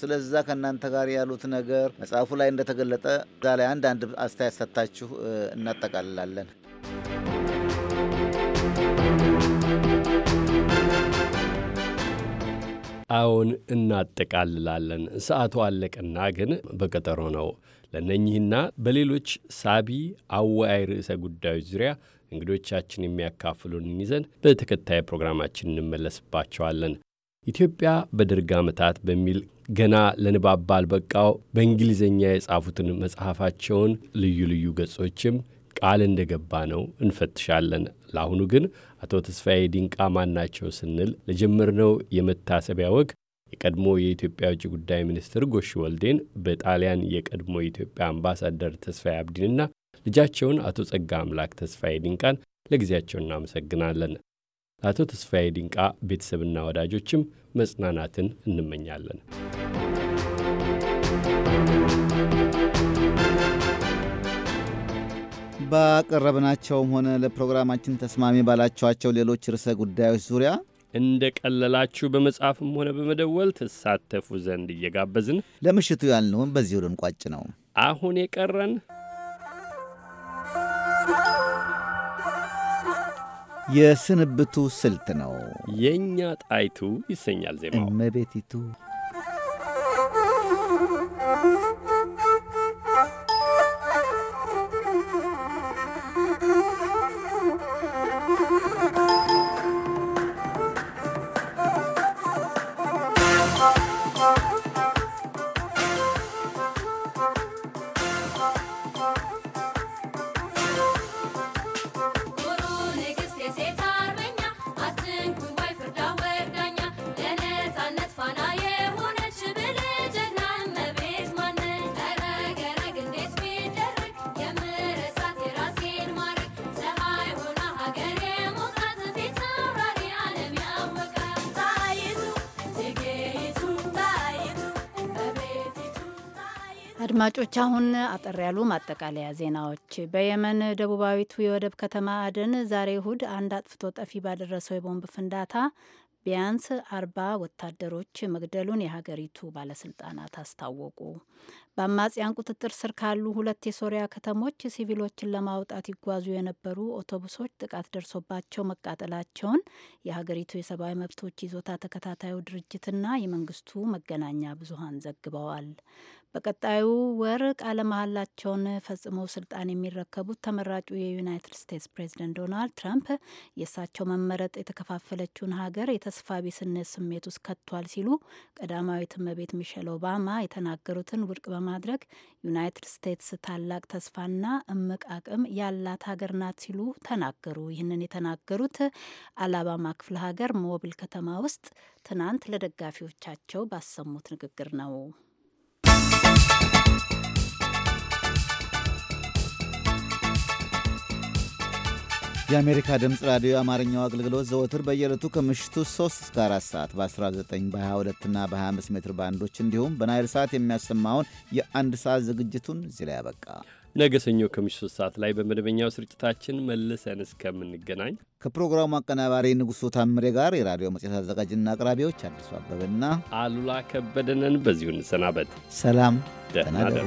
ስለዛ ከእናንተ ጋር ያሉት ነገር መጽሐፉ ላይ እንደተገለጠ እዛ ላይ አንድ አንድ አስተያየት ሰጥታችሁ እናጠቃልላለን። አዎን እናጠቃልላለን። ሰዓቱ አለቅና ግን በቀጠሮ ነው። ለእነኚህና በሌሎች ሳቢ አወያይ ርዕሰ ጉዳዮች ዙሪያ እንግዶቻችን የሚያካፍሉን ይዘን በተከታይ ፕሮግራማችን እንመለስባቸዋለን። ኢትዮጵያ በደርግ ዓመታት በሚል ገና ለንባብ ባልበቃው በእንግሊዝኛ የጻፉትን መጽሐፋቸውን ልዩ ልዩ ገጾችም ቃል እንደገባ ነው እንፈትሻለን። ለአሁኑ ግን አቶ ተስፋዬ ዲንቃ ማን ናቸው ስንል ለጀመርነው የመታሰቢያ ወግ የቀድሞ የኢትዮጵያ ውጭ ጉዳይ ሚኒስትር ጎሽ ወልዴን በጣሊያን የቀድሞ የኢትዮጵያ አምባሳደር ተስፋዬ አብዲንና ልጃቸውን አቶ ጸጋ አምላክ ተስፋዬ ዲንቃን ለጊዜያቸው እናመሰግናለን። ለአቶ ተስፋዬ ድንቃ ቤተሰብና ወዳጆችም መጽናናትን እንመኛለን። ባቀረብናቸውም ሆነ ለፕሮግራማችን ተስማሚ ባላችኋቸው ሌሎች ርዕሰ ጉዳዮች ዙሪያ እንደ ቀለላችሁ በመጻፍም ሆነ በመደወል ትሳተፉ ዘንድ እየጋበዝን ለምሽቱ ያልነውን በዚሁ ልንቋጭ ነው። አሁን የቀረን የስንብቱ ስልት ነው። የእኛ ጣይቱ ይሰኛል ዜማው። እመቤቲቱ አድማጮች አሁን አጠር ያሉ ማጠቃለያ ዜናዎች። በየመን ደቡባዊቱ የወደብ ከተማ አደን ዛሬ እሁድ አንድ አጥፍቶ ጠፊ ባደረሰው የቦምብ ፍንዳታ ቢያንስ አርባ ወታደሮች መግደሉን የሀገሪቱ ባለስልጣናት አስታወቁ። በአማጽያን ቁጥጥር ስር ካሉ ሁለት የሶሪያ ከተሞች ሲቪሎችን ለማውጣት ይጓዙ የነበሩ አውቶቡሶች ጥቃት ደርሶባቸው መቃጠላቸውን የሀገሪቱ የሰብአዊ መብቶች ይዞታ ተከታታዩ ድርጅትና የመንግስቱ መገናኛ ብዙሀን ዘግበዋል። በቀጣዩ ወር ቃለ መሀላቸውን ፈጽመው ስልጣን የሚረከቡት ተመራጩ የዩናይትድ ስቴትስ ፕሬዚደንት ዶናልድ ትራምፕ የእሳቸው መመረጥ የተከፋፈለችውን ሀገር የተስፋ ቢስነት ስሜት ውስጥ ከቷል ሲሉ ቀዳማዊት እመቤት ሚሸል ኦባማ የተናገሩትን ውድቅ በማድረግ ዩናይትድ ስቴትስ ታላቅ ተስፋና እምቅ አቅም ያላት ሀገር ናት ሲሉ ተናገሩ። ይህንን የተናገሩት አላባማ ክፍለ ሀገር ሞብል ከተማ ውስጥ ትናንት ለደጋፊዎቻቸው ባሰሙት ንግግር ነው። የአሜሪካ ድምፅ ራዲዮ የአማርኛው አገልግሎት ዘወትር በየዕለቱ ከምሽቱ 3 እስከ 4 ሰዓት በ19 በ22 እና በ25 ሜትር ባንዶች እንዲሁም በናይል ሰዓት የሚያሰማውን የአንድ ሰዓት ዝግጅቱን እዚህ ላይ ያበቃ። ነገ ሰኞ ከምሽቱ 3 ሰዓት ላይ በመደበኛው ስርጭታችን መልሰን እስከምንገናኝ ከፕሮግራሙ አቀናባሪ ንጉሡ ታምሬ ጋር የራዲዮ መጽሔት አዘጋጅና አቅራቢዎች አዲሱ አበበና አሉላ ከበደነን በዚሁ እንሰናበት። ሰላም ደህና ደሩ።